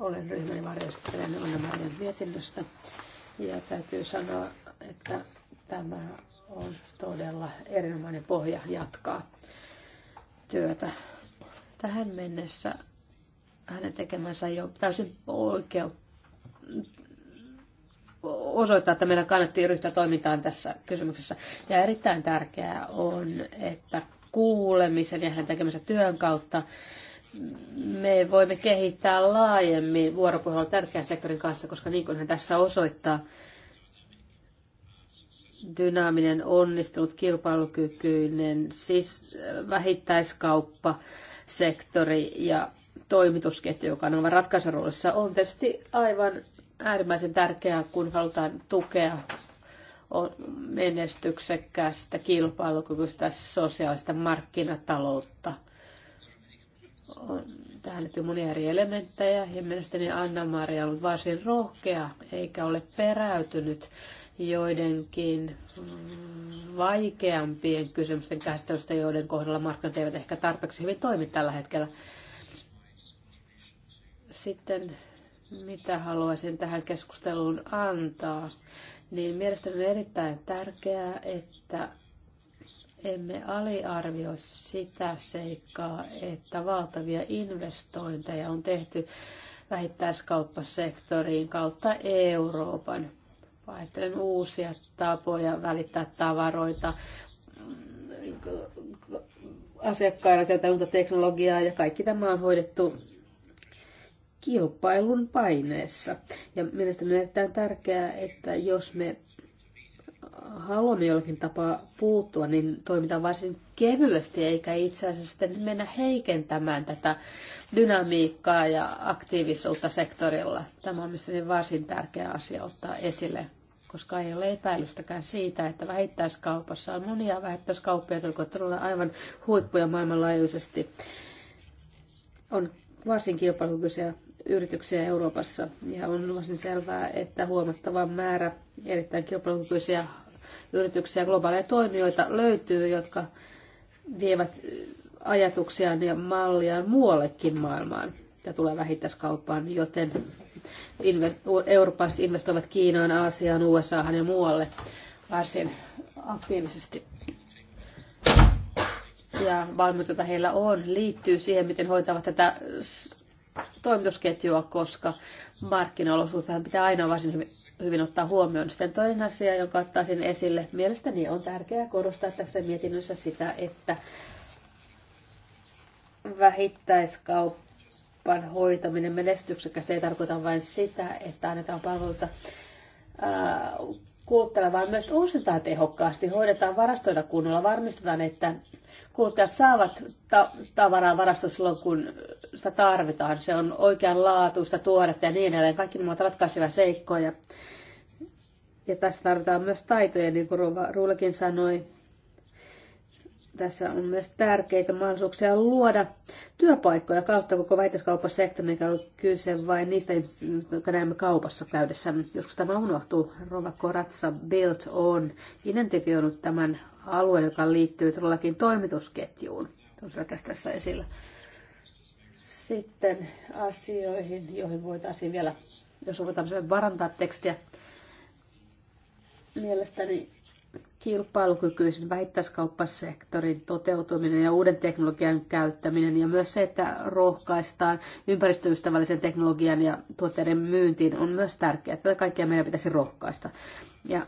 Olen ryhmäni varjostelijan Onnamaiden mietinnöstä ja täytyy sanoa, että tämä on todella erinomainen pohja jatkaa työtä. Tähän mennessä hänen tekemänsä jo täysin oikea osoittaa, että meidän kannattiin ryhtyä toimintaan tässä kysymyksessä. Ja erittäin tärkeää on, että kuulemisen ja hänen tekemänsä työn kautta me voimme kehittää laajemmin vuoropuhelua tärkeän sektorin kanssa, koska niin kuin hän tässä osoittaa, dynaaminen, onnistunut, kilpailukykyinen, siis vähittäiskauppa, sektori ja toimitusketju, joka on ratkaisuroolissa, on tietysti aivan äärimmäisen tärkeää, kun halutaan tukea menestyksekkäästä kilpailukykyistä, sosiaalista markkinataloutta. On tähän liittyy monia eri elementtejä ja mielestäni Anna-Maria on ollut varsin rohkea eikä ole peräytynyt joidenkin vaikeampien kysymysten käsittelystä, joiden kohdalla markkinat eivät ehkä tarpeeksi hyvin toimi tällä hetkellä. Sitten mitä haluaisin tähän keskusteluun antaa, niin mielestäni on erittäin tärkeää, että emme aliarvioi sitä seikkaa, että valtavia investointeja on tehty vähittäiskauppasektoriin kautta Euroopan. Ajattelen uusia tapoja välittää tavaroita, asiakkailla käytetään uutta teknologiaa ja kaikki tämä on hoidettu kilpailun paineessa. Ja mielestäni on erittäin tärkeää, että jos me haluamme jollakin tapaa puuttua, niin toimitaan varsin kevyesti, eikä itse asiassa sitten mennä heikentämään tätä dynamiikkaa ja aktiivisuutta sektorilla. Tämä on mielestäni varsin tärkeä asia ottaa esille, koska ei ole epäilystäkään siitä, että vähittäiskaupassa on monia vähittäiskauppia, jotka ovat todella aivan huippuja maailmanlaajuisesti. On varsin kilpailukykyisiä yrityksiä Euroopassa. Ja on luosin selvää, että huomattava määrä erittäin kilpailukykyisiä yrityksiä ja globaaleja toimijoita löytyy, jotka vievät ajatuksiaan ja malliaan muuallekin maailmaan ja tulee vähittäiskauppaan, joten eurooppalaiset investoivat Kiinaan, Aasiaan, USAhan ja muualle varsin aktiivisesti. Ja valmiutta heillä on liittyy siihen, miten hoitavat tätä toimitusketjua, koska markkinaolosuhteet pitää aina varsin hyvin, hyvin ottaa huomioon. Sitten toinen asia, jonka ottaisin esille, mielestäni on tärkeää korostaa tässä mietinnössä sitä, että vähittäiskaupan hoitaminen menestyksekästä ei tarkoita vain sitä, että annetaan palveluita kuluttajalle, vaan myös uusitaan tehokkaasti, hoidetaan varastoita kunnolla, varmistetaan, että kuluttajat saavat ta- tavaraa varastossa silloin, kun sitä tarvitaan. Se on oikeanlaatuista, tuoretta ja niin edelleen. Kaikki nämä ovat ratkaisevia seikkoja. Ja tässä tarvitaan myös taitoja, niin kuin Ruulakin sanoi, tässä on myös tärkeitä mahdollisuuksia luoda työpaikkoja kautta koko väitöskauppasektorin, mikä on kyse vain niistä ihmisistä, jotka näemme kaupassa käydessä. Joskus tämä unohtuu. Rova Koratsa Built on identifioinut tämän alueen, joka liittyy todellakin toimitusketjuun. Tuossa tässä esillä. Sitten asioihin, joihin voitaisiin vielä, jos voitaisiin varantaa tekstiä. Mielestäni kilpailukykyisen vähittäiskauppasektorin toteutuminen ja uuden teknologian käyttäminen ja myös se, että rohkaistaan ympäristöystävällisen teknologian ja tuotteiden myyntiin on myös tärkeää. Tätä kaikkea meidän pitäisi rohkaista. Ja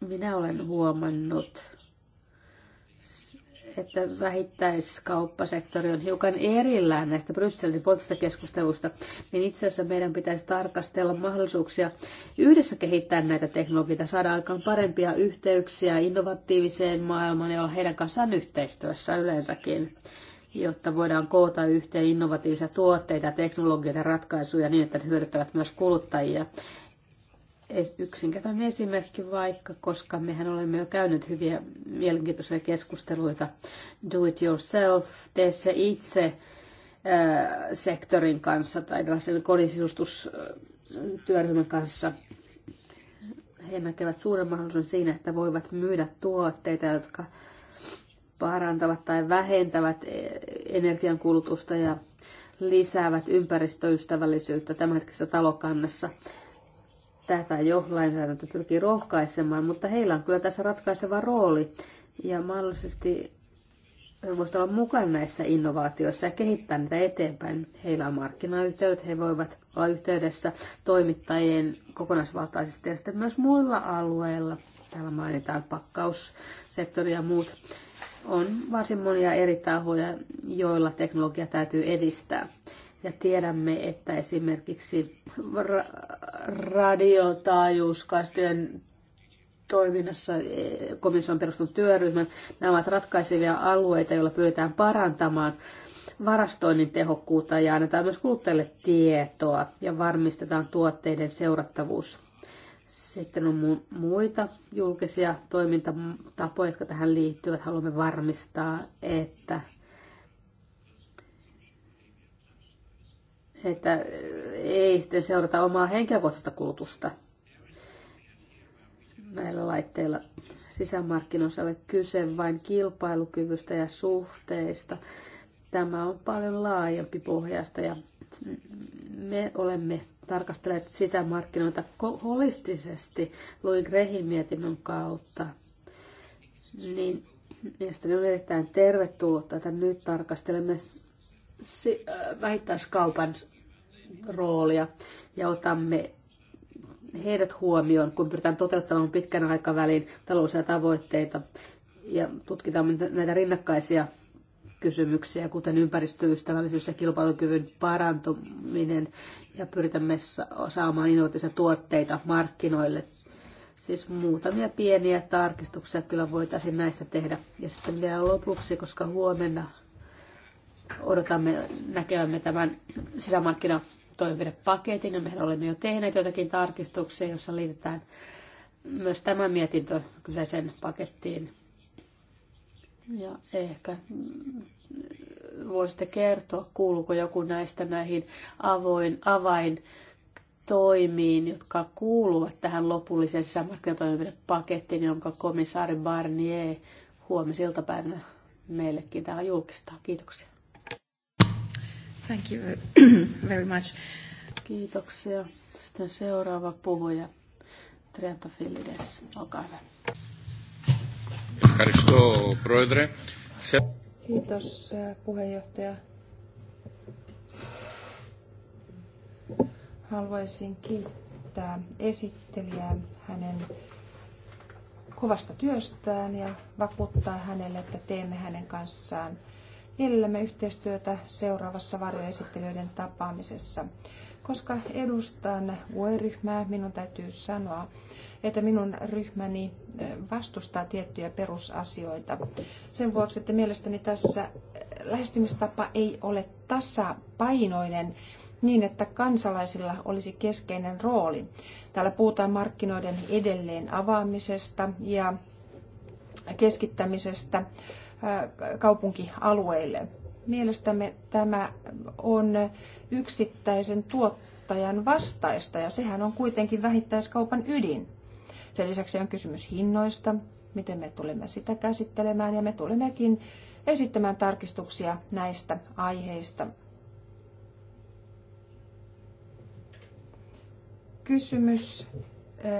minä olen huomannut että vähittäiskauppasektori on hiukan erillään näistä Brysselin poliittisista keskusteluista, niin itse asiassa meidän pitäisi tarkastella mahdollisuuksia yhdessä kehittää näitä teknologioita, saada aikaan parempia yhteyksiä innovatiiviseen maailmaan ja olla heidän kanssaan yhteistyössä yleensäkin jotta voidaan koota yhteen innovatiivisia tuotteita, teknologioita ja ratkaisuja niin, että ne hyödyttävät myös kuluttajia yksinkertainen esimerkki vaikka, koska mehän olemme jo käynyt hyviä mielenkiintoisia keskusteluita do it yourself, tee se itse äh, sektorin kanssa tai tällaisen kodisisustustyöryhmän kanssa. He näkevät suuren mahdollisuuden siinä, että voivat myydä tuotteita, jotka parantavat tai vähentävät e- energiankulutusta ja lisäävät ympäristöystävällisyyttä tämänhetkisessä talokannassa tätä jo lainsäädäntö pyrkii rohkaisemaan, mutta heillä on kyllä tässä ratkaiseva rooli ja mahdollisesti he voisivat olla mukana näissä innovaatioissa ja kehittää niitä eteenpäin. Heillä on markkinayhteydet, he voivat olla yhteydessä toimittajien kokonaisvaltaisesti ja sitten myös muilla alueilla. Täällä mainitaan pakkaussektori ja muut. On varsin monia eri tahoja, joilla teknologia täytyy edistää. Ja tiedämme, että esimerkiksi ra- radiotaajuuskastojen toiminnassa e, komissio on perustunut työryhmän. Nämä ovat ratkaisevia alueita, joilla pyritään parantamaan varastoinnin tehokkuutta ja annetaan myös kuluttajille tietoa ja varmistetaan tuotteiden seurattavuus. Sitten on muita julkisia toimintatapoja, jotka tähän liittyvät. Haluamme varmistaa, että että ei sitten seurata omaa henkilökohtaista kulutusta näillä laitteilla. Sisämarkkinoissa ole kyse vain kilpailukyvystä ja suhteista. Tämä on paljon laajempi pohjasta ja me olemme tarkastelleet sisämarkkinoita holistisesti Louis Grehin mietinnön kautta. Niin mielestäni on erittäin tervetullutta, että nyt tarkastelemme äh, vähittäiskaupan roolia ja otamme heidät huomioon, kun pyritään toteuttamaan pitkän aikavälin taloudellisia tavoitteita ja tutkitaan näitä rinnakkaisia kysymyksiä, kuten ympäristöystävällisyys ja kilpailukyvyn parantuminen, ja pyritämme saamaan innovatiivisia tuotteita markkinoille. Siis muutamia pieniä tarkistuksia kyllä voitaisiin näistä tehdä. Ja sitten vielä lopuksi, koska huomenna odotamme näkevämme tämän sisämarkkinan toimenpidepaketin ja no, mehän olemme jo tehneet jotakin tarkistuksia, jossa liitetään myös tämä mietintö kyseiseen pakettiin. Ja ehkä mm, voisitte kertoa, kuuluuko joku näistä näihin avoin, avain toimiin, jotka kuuluvat tähän lopulliseen sisämarkkinatoimenpidepakettiin, jonka komissaari Barnier huomisiltapäivänä meillekin täällä julkistaa. Kiitoksia. Thank you very much. Kiitoksia. Sitten seuraava puhuja, Trenta Filides, olkaa hyvä. Kiitos puheenjohtaja. Haluaisin kiittää esittelijää hänen kovasta työstään ja vakuuttaa hänelle, että teemme hänen kanssaan – mielellämme yhteistyötä seuraavassa varjoesittelijöiden tapaamisessa. Koska edustan UE-ryhmää, minun täytyy sanoa, että minun ryhmäni eh, vastustaa tiettyjä perusasioita. Sen vuoksi, että mielestäni tässä eh, lähestymistapa ei ole tasapainoinen niin, että kansalaisilla olisi keskeinen rooli. Täällä puhutaan markkinoiden edelleen avaamisesta ja keskittämisestä kaupunkialueille. Mielestämme tämä on yksittäisen tuottajan vastaista ja sehän on kuitenkin vähittäiskaupan ydin. Sen lisäksi on kysymys hinnoista, miten me tulemme sitä käsittelemään ja me tulemmekin esittämään tarkistuksia näistä aiheista. Kysymys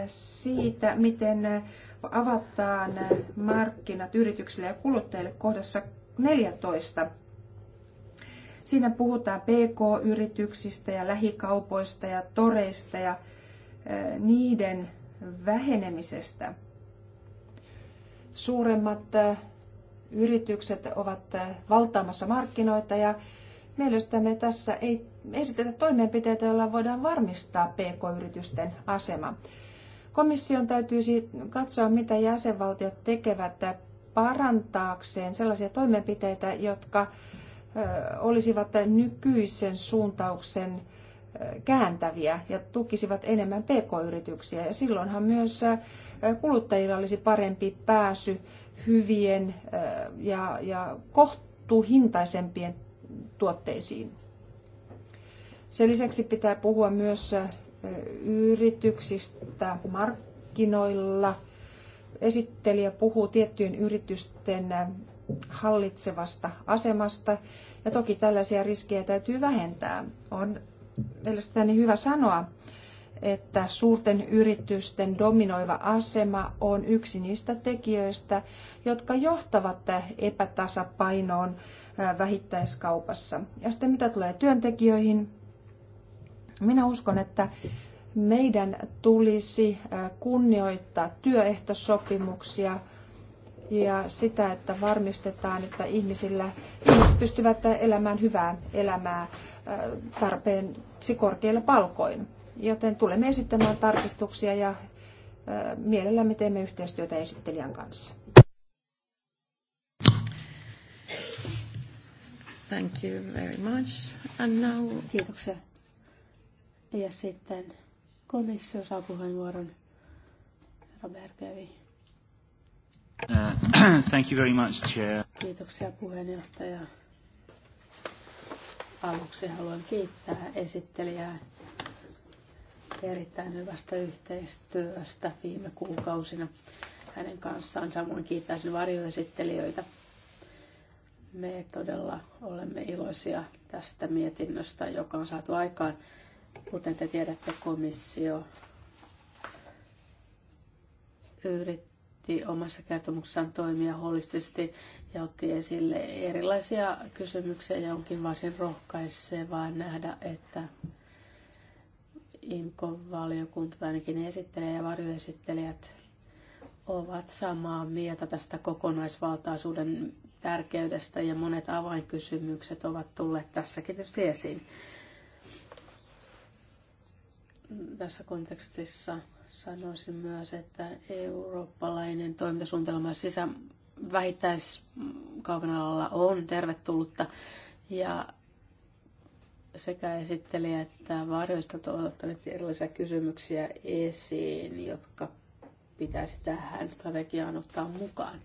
siitä, miten avataan markkinat yrityksille ja kuluttajille kohdassa 14. Siinä puhutaan PK-yrityksistä ja lähikaupoista ja toreista ja niiden vähenemisestä. Suuremmat yritykset ovat valtaamassa markkinoita ja mielestämme tässä ei esitetä toimenpiteitä, joilla voidaan varmistaa PK-yritysten asema. Komission täytyisi katsoa, mitä jäsenvaltiot tekevät parantaakseen sellaisia toimenpiteitä, jotka olisivat nykyisen suuntauksen kääntäviä ja tukisivat enemmän pk-yrityksiä. Ja silloinhan myös kuluttajilla olisi parempi pääsy hyvien ja, ja kohtuuhintaisempien tuotteisiin. Sen lisäksi pitää puhua myös yrityksistä markkinoilla. Esittelijä puhuu tiettyjen yritysten hallitsevasta asemasta ja toki tällaisia riskejä täytyy vähentää. On mielestäni hyvä sanoa, että suurten yritysten dominoiva asema on yksi niistä tekijöistä, jotka johtavat epätasapainoon vähittäiskaupassa. Ja sitten mitä tulee työntekijöihin, minä uskon, että meidän tulisi äh, kunnioittaa työehtosopimuksia ja sitä, että varmistetaan, että ihmisillä ihmiset pystyvät elämään hyvää elämää äh, tarpeeksi korkeilla palkoin. Joten tulemme esittämään tarkistuksia ja äh, mielellämme teemme yhteistyötä esittelijän kanssa. Thank you very much. And now... Kiitoksia. Ja sitten komissio saa puheenvuoron. Robert uh, Pevi. thank you very much, Chair. Kiitoksia puheenjohtaja. Aluksi haluan kiittää esittelijää erittäin hyvästä yhteistyöstä viime kuukausina hänen kanssaan. Samoin kiittäisin varjoesittelijöitä. Me todella olemme iloisia tästä mietinnöstä, joka on saatu aikaan. Kuten te tiedätte, komissio yritti omassa kertomuksessaan toimia holistisesti ja otti esille erilaisia kysymyksiä ja onkin varsin rohkaisevaa nähdä, että IMKO-valiokunta ainakin esittelee ja varjoesittelijät ovat samaa mieltä tästä kokonaisvaltaisuuden tärkeydestä ja monet avainkysymykset ovat tulleet tässäkin tietysti esiin tässä kontekstissa sanoisin myös, että eurooppalainen toimintasuunnitelma sisä vähittäiskaupan alalla on tervetullutta ja sekä esitteli että varjoista on ottanut erilaisia kysymyksiä esiin, jotka pitäisi tähän strategiaan ottaa mukaan.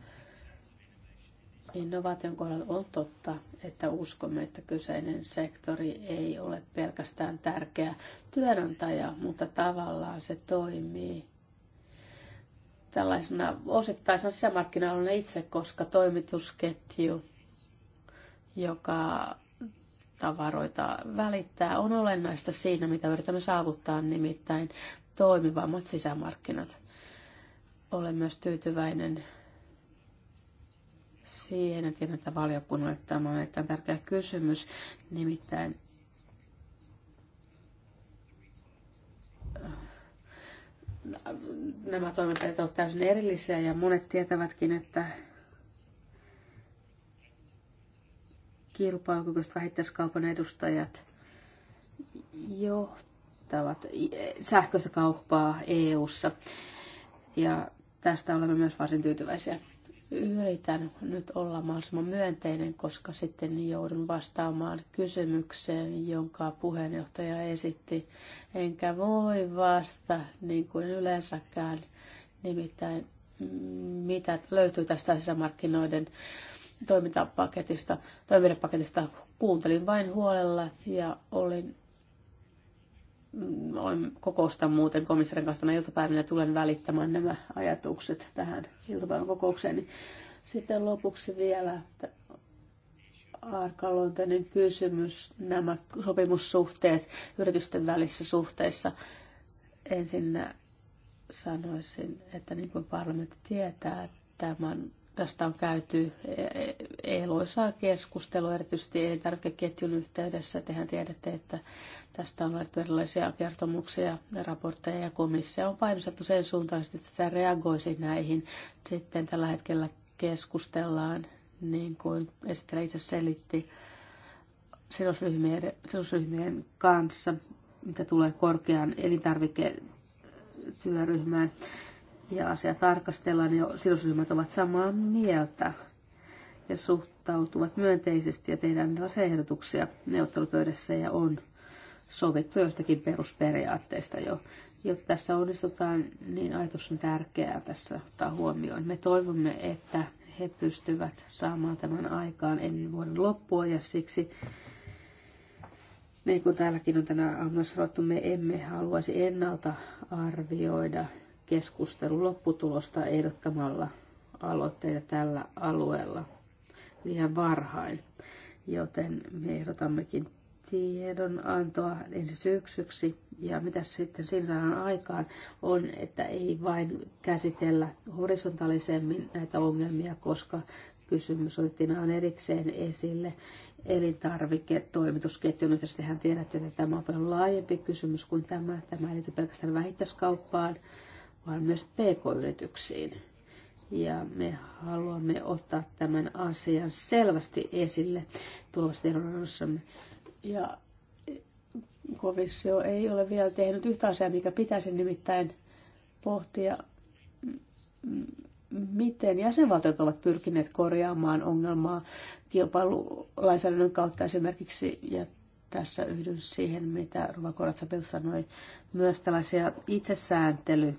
Innovaation kohdalla on totta, että uskomme, että kyseinen sektori ei ole pelkästään tärkeä työnantaja, mutta tavallaan se toimii tällaisena osittaisena sisämarkkinoilla itse, koska toimitusketju, joka tavaroita välittää, on olennaista siinä, mitä yritämme saavuttaa, nimittäin toimivammat sisämarkkinat. Olen myös tyytyväinen siihen, ja tiedän, että valiokunnalle tämä on erittäin tärkeä kysymys, nimittäin äh, nämä toimenpiteet ovat täysin erillisiä ja monet tietävätkin, että kilpailukykyiset vähittäiskaupan edustajat johtavat sähköistä kauppaa EU-ssa. Ja tästä olemme myös varsin tyytyväisiä yritän nyt olla mahdollisimman myönteinen, koska sitten joudun vastaamaan kysymykseen, jonka puheenjohtaja esitti. Enkä voi vastata niin kuin yleensäkään, nimittäin mitä löytyy tästä sisämarkkinoiden toimintapaketista, toimintapaketista. Kuuntelin vain huolella ja olin Mm, olen kokousta muuten komissarin kanssa tämän iltapäivänä tulen välittämään nämä ajatukset tähän iltapäivän kokoukseen. Niin sitten lopuksi vielä arkaluontainen kysymys, nämä sopimussuhteet yritysten välissä suhteissa. Ensin sanoisin, että niin kuin parlamentti tietää, tämän Tästä on käyty e, eloisaa keskustelua, erityisesti elintarvikeketjun yhteydessä. Tehän tiedätte, että tästä on otettu erilaisia kertomuksia ja raportteja, ja komissio on painostettu sen suuntaisesti, että tämä reagoisi näihin. Sitten tällä hetkellä keskustellaan, niin kuin esittelijä itse selitti, sidosryhmien, sidosryhmien kanssa, mitä tulee korkeaan elintarviketyöryhmään ja asia tarkastellaan, niin sidosryhmät ovat samaa mieltä ja suhtautuvat myönteisesti ja tehdään erilaisia ehdotuksia neuvottelupöydässä ja on sovittu jostakin perusperiaatteista jo. Jotta tässä onnistutaan, niin ajatus on tärkeää tässä ottaa huomioon. Me toivomme, että he pystyvät saamaan tämän aikaan ennen vuoden loppua ja siksi niin kuin täälläkin on tänään aamuna sanottu, me emme haluaisi ennalta arvioida keskustelu lopputulosta ehdottamalla aloitteita tällä alueella liian varhain, joten me ehdotammekin tiedonantoa ensi syksyksi. Ja mitä sitten siinä saadaan aikaan on, että ei vain käsitellä horisontaalisemmin näitä ongelmia, koska kysymys otettiin aina erikseen esille elintarviketoimitusketjun yhteydessä. Tehän tiedätte, että tämä on paljon laajempi kysymys kuin tämä. Tämä ei liity pelkästään vähittäiskauppaan, vaan myös pk-yrityksiin. Ja me haluamme ottaa tämän asian selvästi esille tulevassa tiedonannossamme. Ja komissio ei ole vielä tehnyt yhtä asiaa, mikä pitäisi nimittäin pohtia, miten jäsenvaltiot ovat pyrkineet korjaamaan ongelmaa kilpailulainsäädännön kautta esimerkiksi, ja tässä yhdyn siihen, mitä Ruva Koratsa sanoi, myös tällaisia itsesääntelyä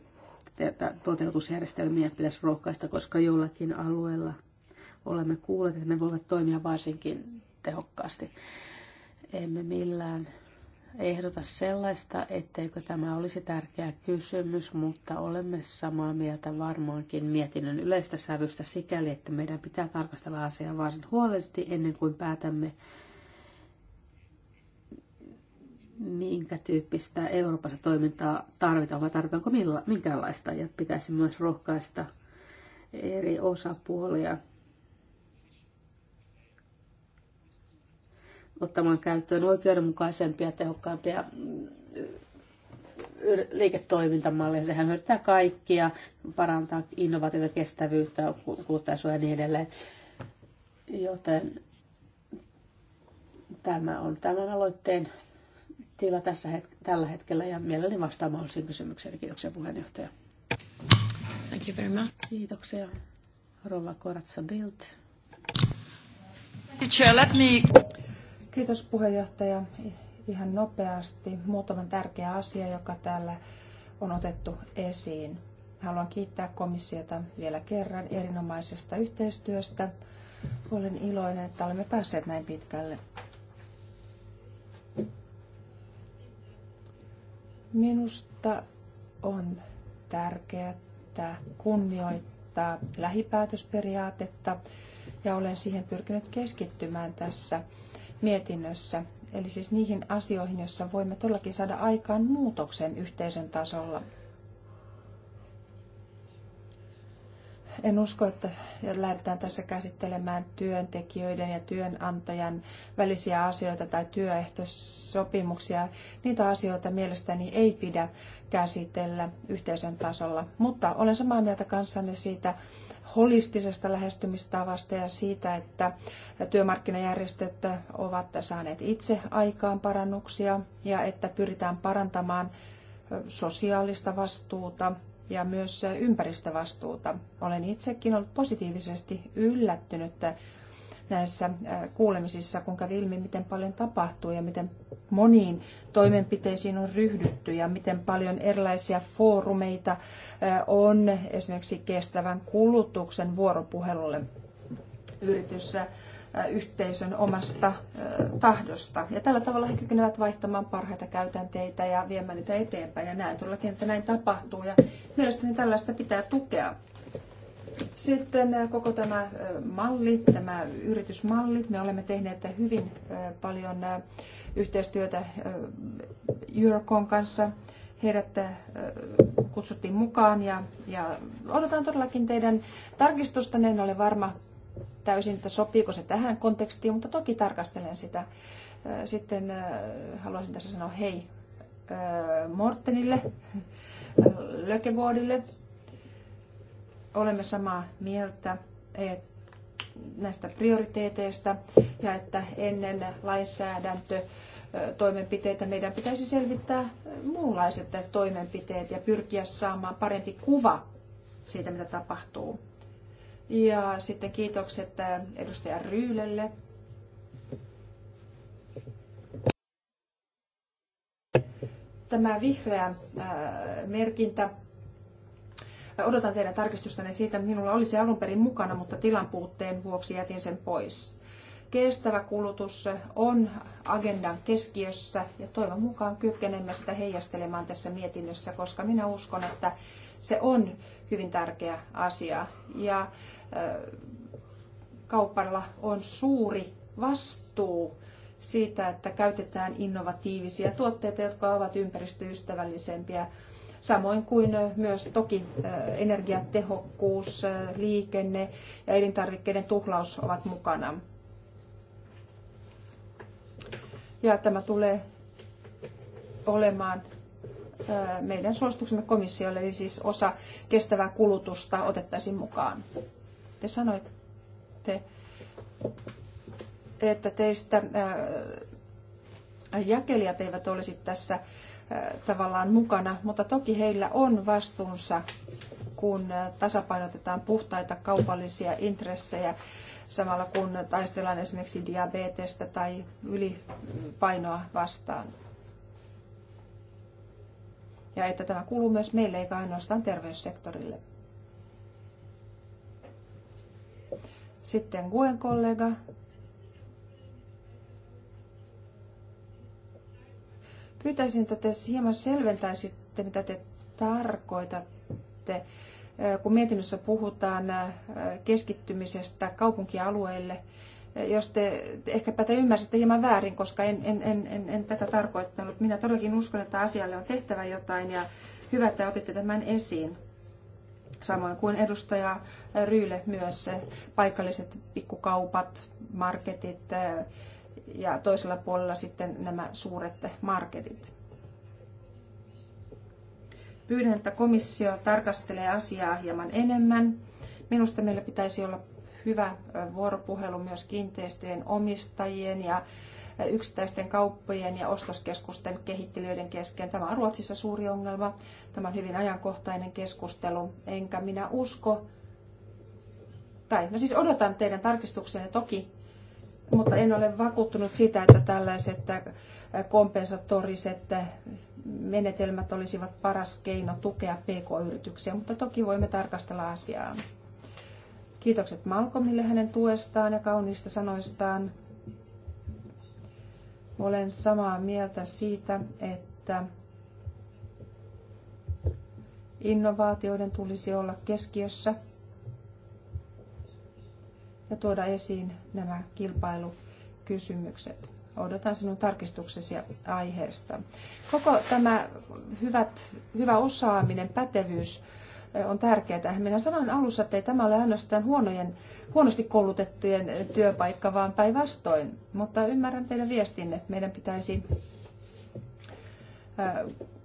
toteutusjärjestelmiä pitäisi rohkaista, koska jollakin alueella olemme kuulleet, että ne voivat toimia varsinkin tehokkaasti. Emme millään ehdota sellaista, etteikö tämä olisi tärkeä kysymys, mutta olemme samaa mieltä varmaankin mietinnön yleistä sävystä sikäli, että meidän pitää tarkastella asiaa varsin huolellisesti ennen kuin päätämme minkä tyyppistä Euroopassa toimintaa tarvitaan vai tarvitaanko milla, minkäänlaista ja pitäisi myös rohkaista eri osapuolia ottamaan käyttöön oikeudenmukaisempia, tehokkaampia mm, liiketoimintamalleja. Sehän hyödyttää kaikkia, parantaa innovaatiota, kestävyyttä, kuluttajasuojaa ja niin edelleen. Joten tämä on tämän aloitteen tila tässä het- tällä hetkellä ja mielelläni vastaan mahdollisiin kysymyksiin. Kiitoksia puheenjohtaja. Thank you very much. Kiitoksia. Rova Koratsa Bild. Let me... Kiitos puheenjohtaja. Ihan nopeasti muutaman tärkeä asia, joka täällä on otettu esiin. Haluan kiittää komissiota vielä kerran erinomaisesta yhteistyöstä. Olen iloinen, että olemme päässeet näin pitkälle. Minusta on tärkeää kunnioittaa lähipäätösperiaatetta ja olen siihen pyrkinyt keskittymään tässä mietinnössä. Eli siis niihin asioihin, joissa voimme todellakin saada aikaan muutoksen yhteisön tasolla – en usko, että lähdetään tässä käsittelemään työntekijöiden ja työnantajan välisiä asioita tai työehtosopimuksia. Niitä asioita mielestäni ei pidä käsitellä yhteisön tasolla, mutta olen samaa mieltä kanssanne siitä holistisesta lähestymistavasta ja siitä, että työmarkkinajärjestöt ovat saaneet itse aikaan parannuksia ja että pyritään parantamaan sosiaalista vastuuta ja myös ympäristövastuuta. Olen itsekin ollut positiivisesti yllättynyt näissä äh, kuulemisissa, kun kävi ilmi, miten paljon tapahtuu ja miten moniin toimenpiteisiin on ryhdytty ja miten paljon erilaisia foorumeita äh, on esimerkiksi kestävän kulutuksen vuoropuhelulle yrityssä yhteisön omasta tahdosta. Ja tällä tavalla he kykenevät vaihtamaan parhaita käytänteitä ja viemään niitä eteenpäin. Ja näen todellakin, että näin tapahtuu. Ja mielestäni tällaista pitää tukea. Sitten koko tämä malli, tämä yritysmalli. Me olemme tehneet hyvin paljon yhteistyötä Eurocon kanssa. Heidät kutsuttiin mukaan ja, ja odotan todellakin teidän tarkistusta. En ole varma, täysin, että sopiiko se tähän kontekstiin, mutta toki tarkastelen sitä. Sitten haluaisin tässä sanoa hei Mortenille, Lökegoodille. Olemme samaa mieltä näistä prioriteeteista ja että ennen lainsäädäntö toimenpiteitä. Meidän pitäisi selvittää muunlaiset toimenpiteet ja pyrkiä saamaan parempi kuva siitä, mitä tapahtuu. Ja sitten kiitokset edustaja Ryylelle. Tämä vihreä merkintä odotan teidän tarkistustanne siitä, minulla oli se alun perin mukana, mutta tilan puutteen vuoksi jätin sen pois. Kestävä kulutus on agendan keskiössä ja toivon mukaan kykenemme sitä heijastelemaan tässä mietinnössä, koska minä uskon, että se on hyvin tärkeä asia ja kaupalla on suuri vastuu siitä, että käytetään innovatiivisia tuotteita, jotka ovat ympäristöystävällisempiä. Samoin kuin myös toki energiatehokkuus, liikenne ja elintarvikkeiden tuhlaus ovat mukana. Ja tämä tulee olemaan meidän suosituksemme komissiolle, eli siis osa kestävää kulutusta otettaisiin mukaan. Te sanoitte, että teistä jakelijat eivät olisi tässä tavallaan mukana, mutta toki heillä on vastuunsa, kun tasapainotetaan puhtaita kaupallisia intressejä samalla kun taistellaan esimerkiksi diabetesta tai ylipainoa vastaan ja että tämä kuuluu myös meille eikä ainoastaan terveyssektorille. Sitten Guen kollega. Pyytäisin, että te hieman selventäisitte, mitä te tarkoitatte, kun mietinnössä puhutaan keskittymisestä kaupunkialueille jos te, ehkäpä te ymmärsitte hieman väärin, koska en, en, en, en, en tätä tarkoittanut. Minä todellakin uskon, että asialle on tehtävä jotain ja hyvä, että otitte tämän esiin. Samoin kuin edustaja Ryyle myös paikalliset pikkukaupat, marketit eh, ja toisella puolella sitten nämä suuret marketit. Pyydän, että komissio tarkastelee asiaa hieman enemmän. Minusta meillä pitäisi olla hyvä vuoropuhelu myös kiinteistöjen omistajien ja yksittäisten kauppojen ja ostoskeskusten kehittelijöiden kesken. Tämä on Ruotsissa suuri ongelma. Tämä on hyvin ajankohtainen keskustelu, enkä minä usko, tai no siis odotan teidän tarkistuksenne toki, mutta en ole vakuuttunut siitä, että tällaiset kompensatoriset menetelmät olisivat paras keino tukea pk-yrityksiä, mutta toki voimme tarkastella asiaa. Kiitokset Malcolmille hänen tuestaan ja kauniista sanoistaan. Olen samaa mieltä siitä, että innovaatioiden tulisi olla keskiössä ja tuoda esiin nämä kilpailukysymykset. Odotan sinun tarkistuksesi aiheesta. Koko tämä hyvät, hyvä osaaminen, pätevyys on tärkeää. Minä sanoin alussa, että ei tämä ole ainoastaan huonojen, huonosti koulutettujen työpaikka, vaan päinvastoin. Mutta ymmärrän teidän viestinne, että meidän pitäisi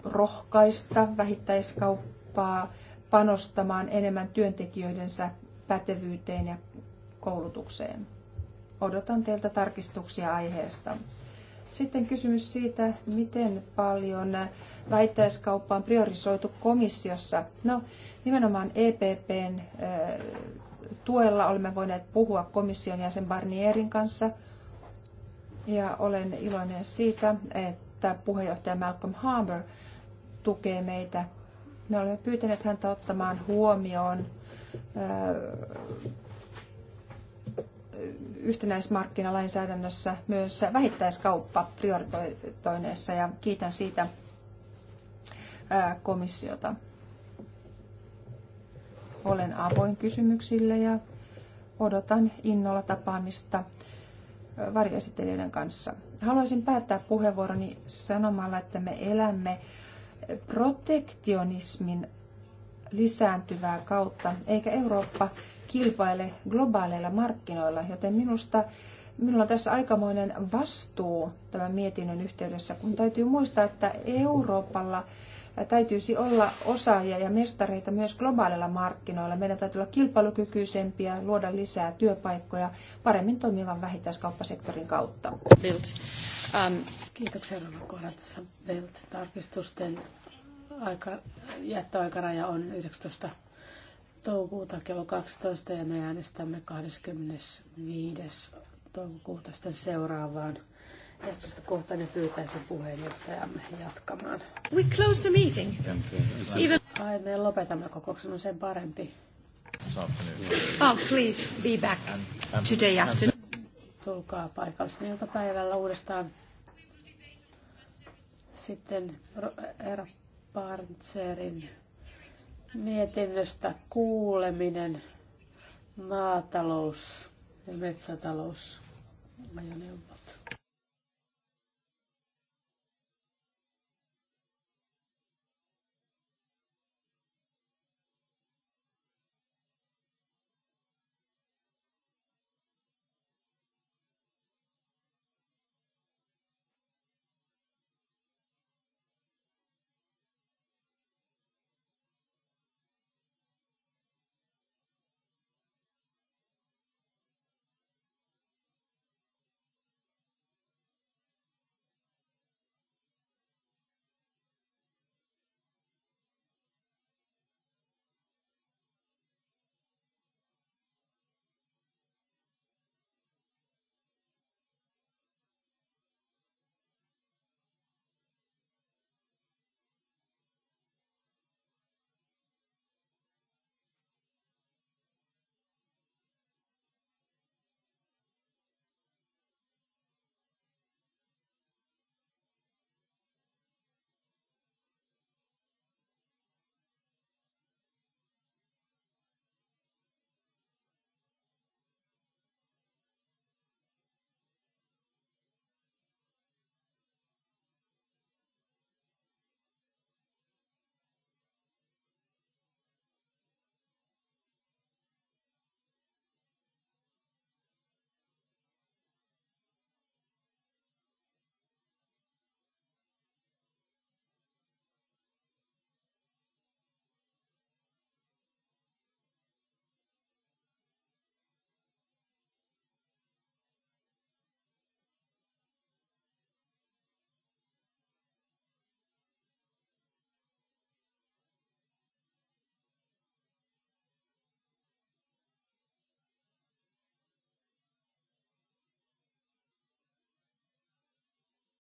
rohkaista vähittäiskauppaa panostamaan enemmän työntekijöidensä pätevyyteen ja koulutukseen. Odotan teiltä tarkistuksia aiheesta. Sitten kysymys siitä, miten paljon väittäiskauppa on priorisoitu komissiossa. No, nimenomaan EPPn tuella olemme voineet puhua komission jäsen Barnierin kanssa. Ja olen iloinen siitä, että puheenjohtaja Malcolm Harbour tukee meitä. Me olemme pyytäneet häntä ottamaan huomioon yhtenäismarkkinalainsäädännössä myös vähittäiskauppa prioritoineessa ja kiitän siitä komissiota. Olen avoin kysymyksille ja odotan innolla tapaamista varjoesittelijöiden kanssa. Haluaisin päättää puheenvuoroni sanomalla, että me elämme protektionismin lisääntyvää kautta, eikä Eurooppa kilpaile globaaleilla markkinoilla, joten minusta minulla on tässä aikamoinen vastuu tämän mietinnön yhteydessä, kun täytyy muistaa, että Euroopalla täytyisi olla osaajia ja mestareita myös globaaleilla markkinoilla. Meidän täytyy olla kilpailukykyisempiä, luoda lisää työpaikkoja paremmin toimivan vähittäiskauppasektorin kautta. Bild. Um. Kiitoksia Rona Koratsa Bild. Tarkistusten aika, jättöaikaraja on 19. toukokuuta kello 12 ja me äänestämme 25. toukokuuta sitten seuraavaan Tästä kohtaan ja pyytäisin puheenjohtajamme jatkamaan. We close the meeting. Even... Ai, me lopetamme kokouksen, on sen parempi. Oh, please be back today afternoon. Tulkaa paikallisten iltapäivällä uudestaan. Sitten herra Bartserin mietinnöstä kuuleminen maatalous ja metsätalous ajoneuvot.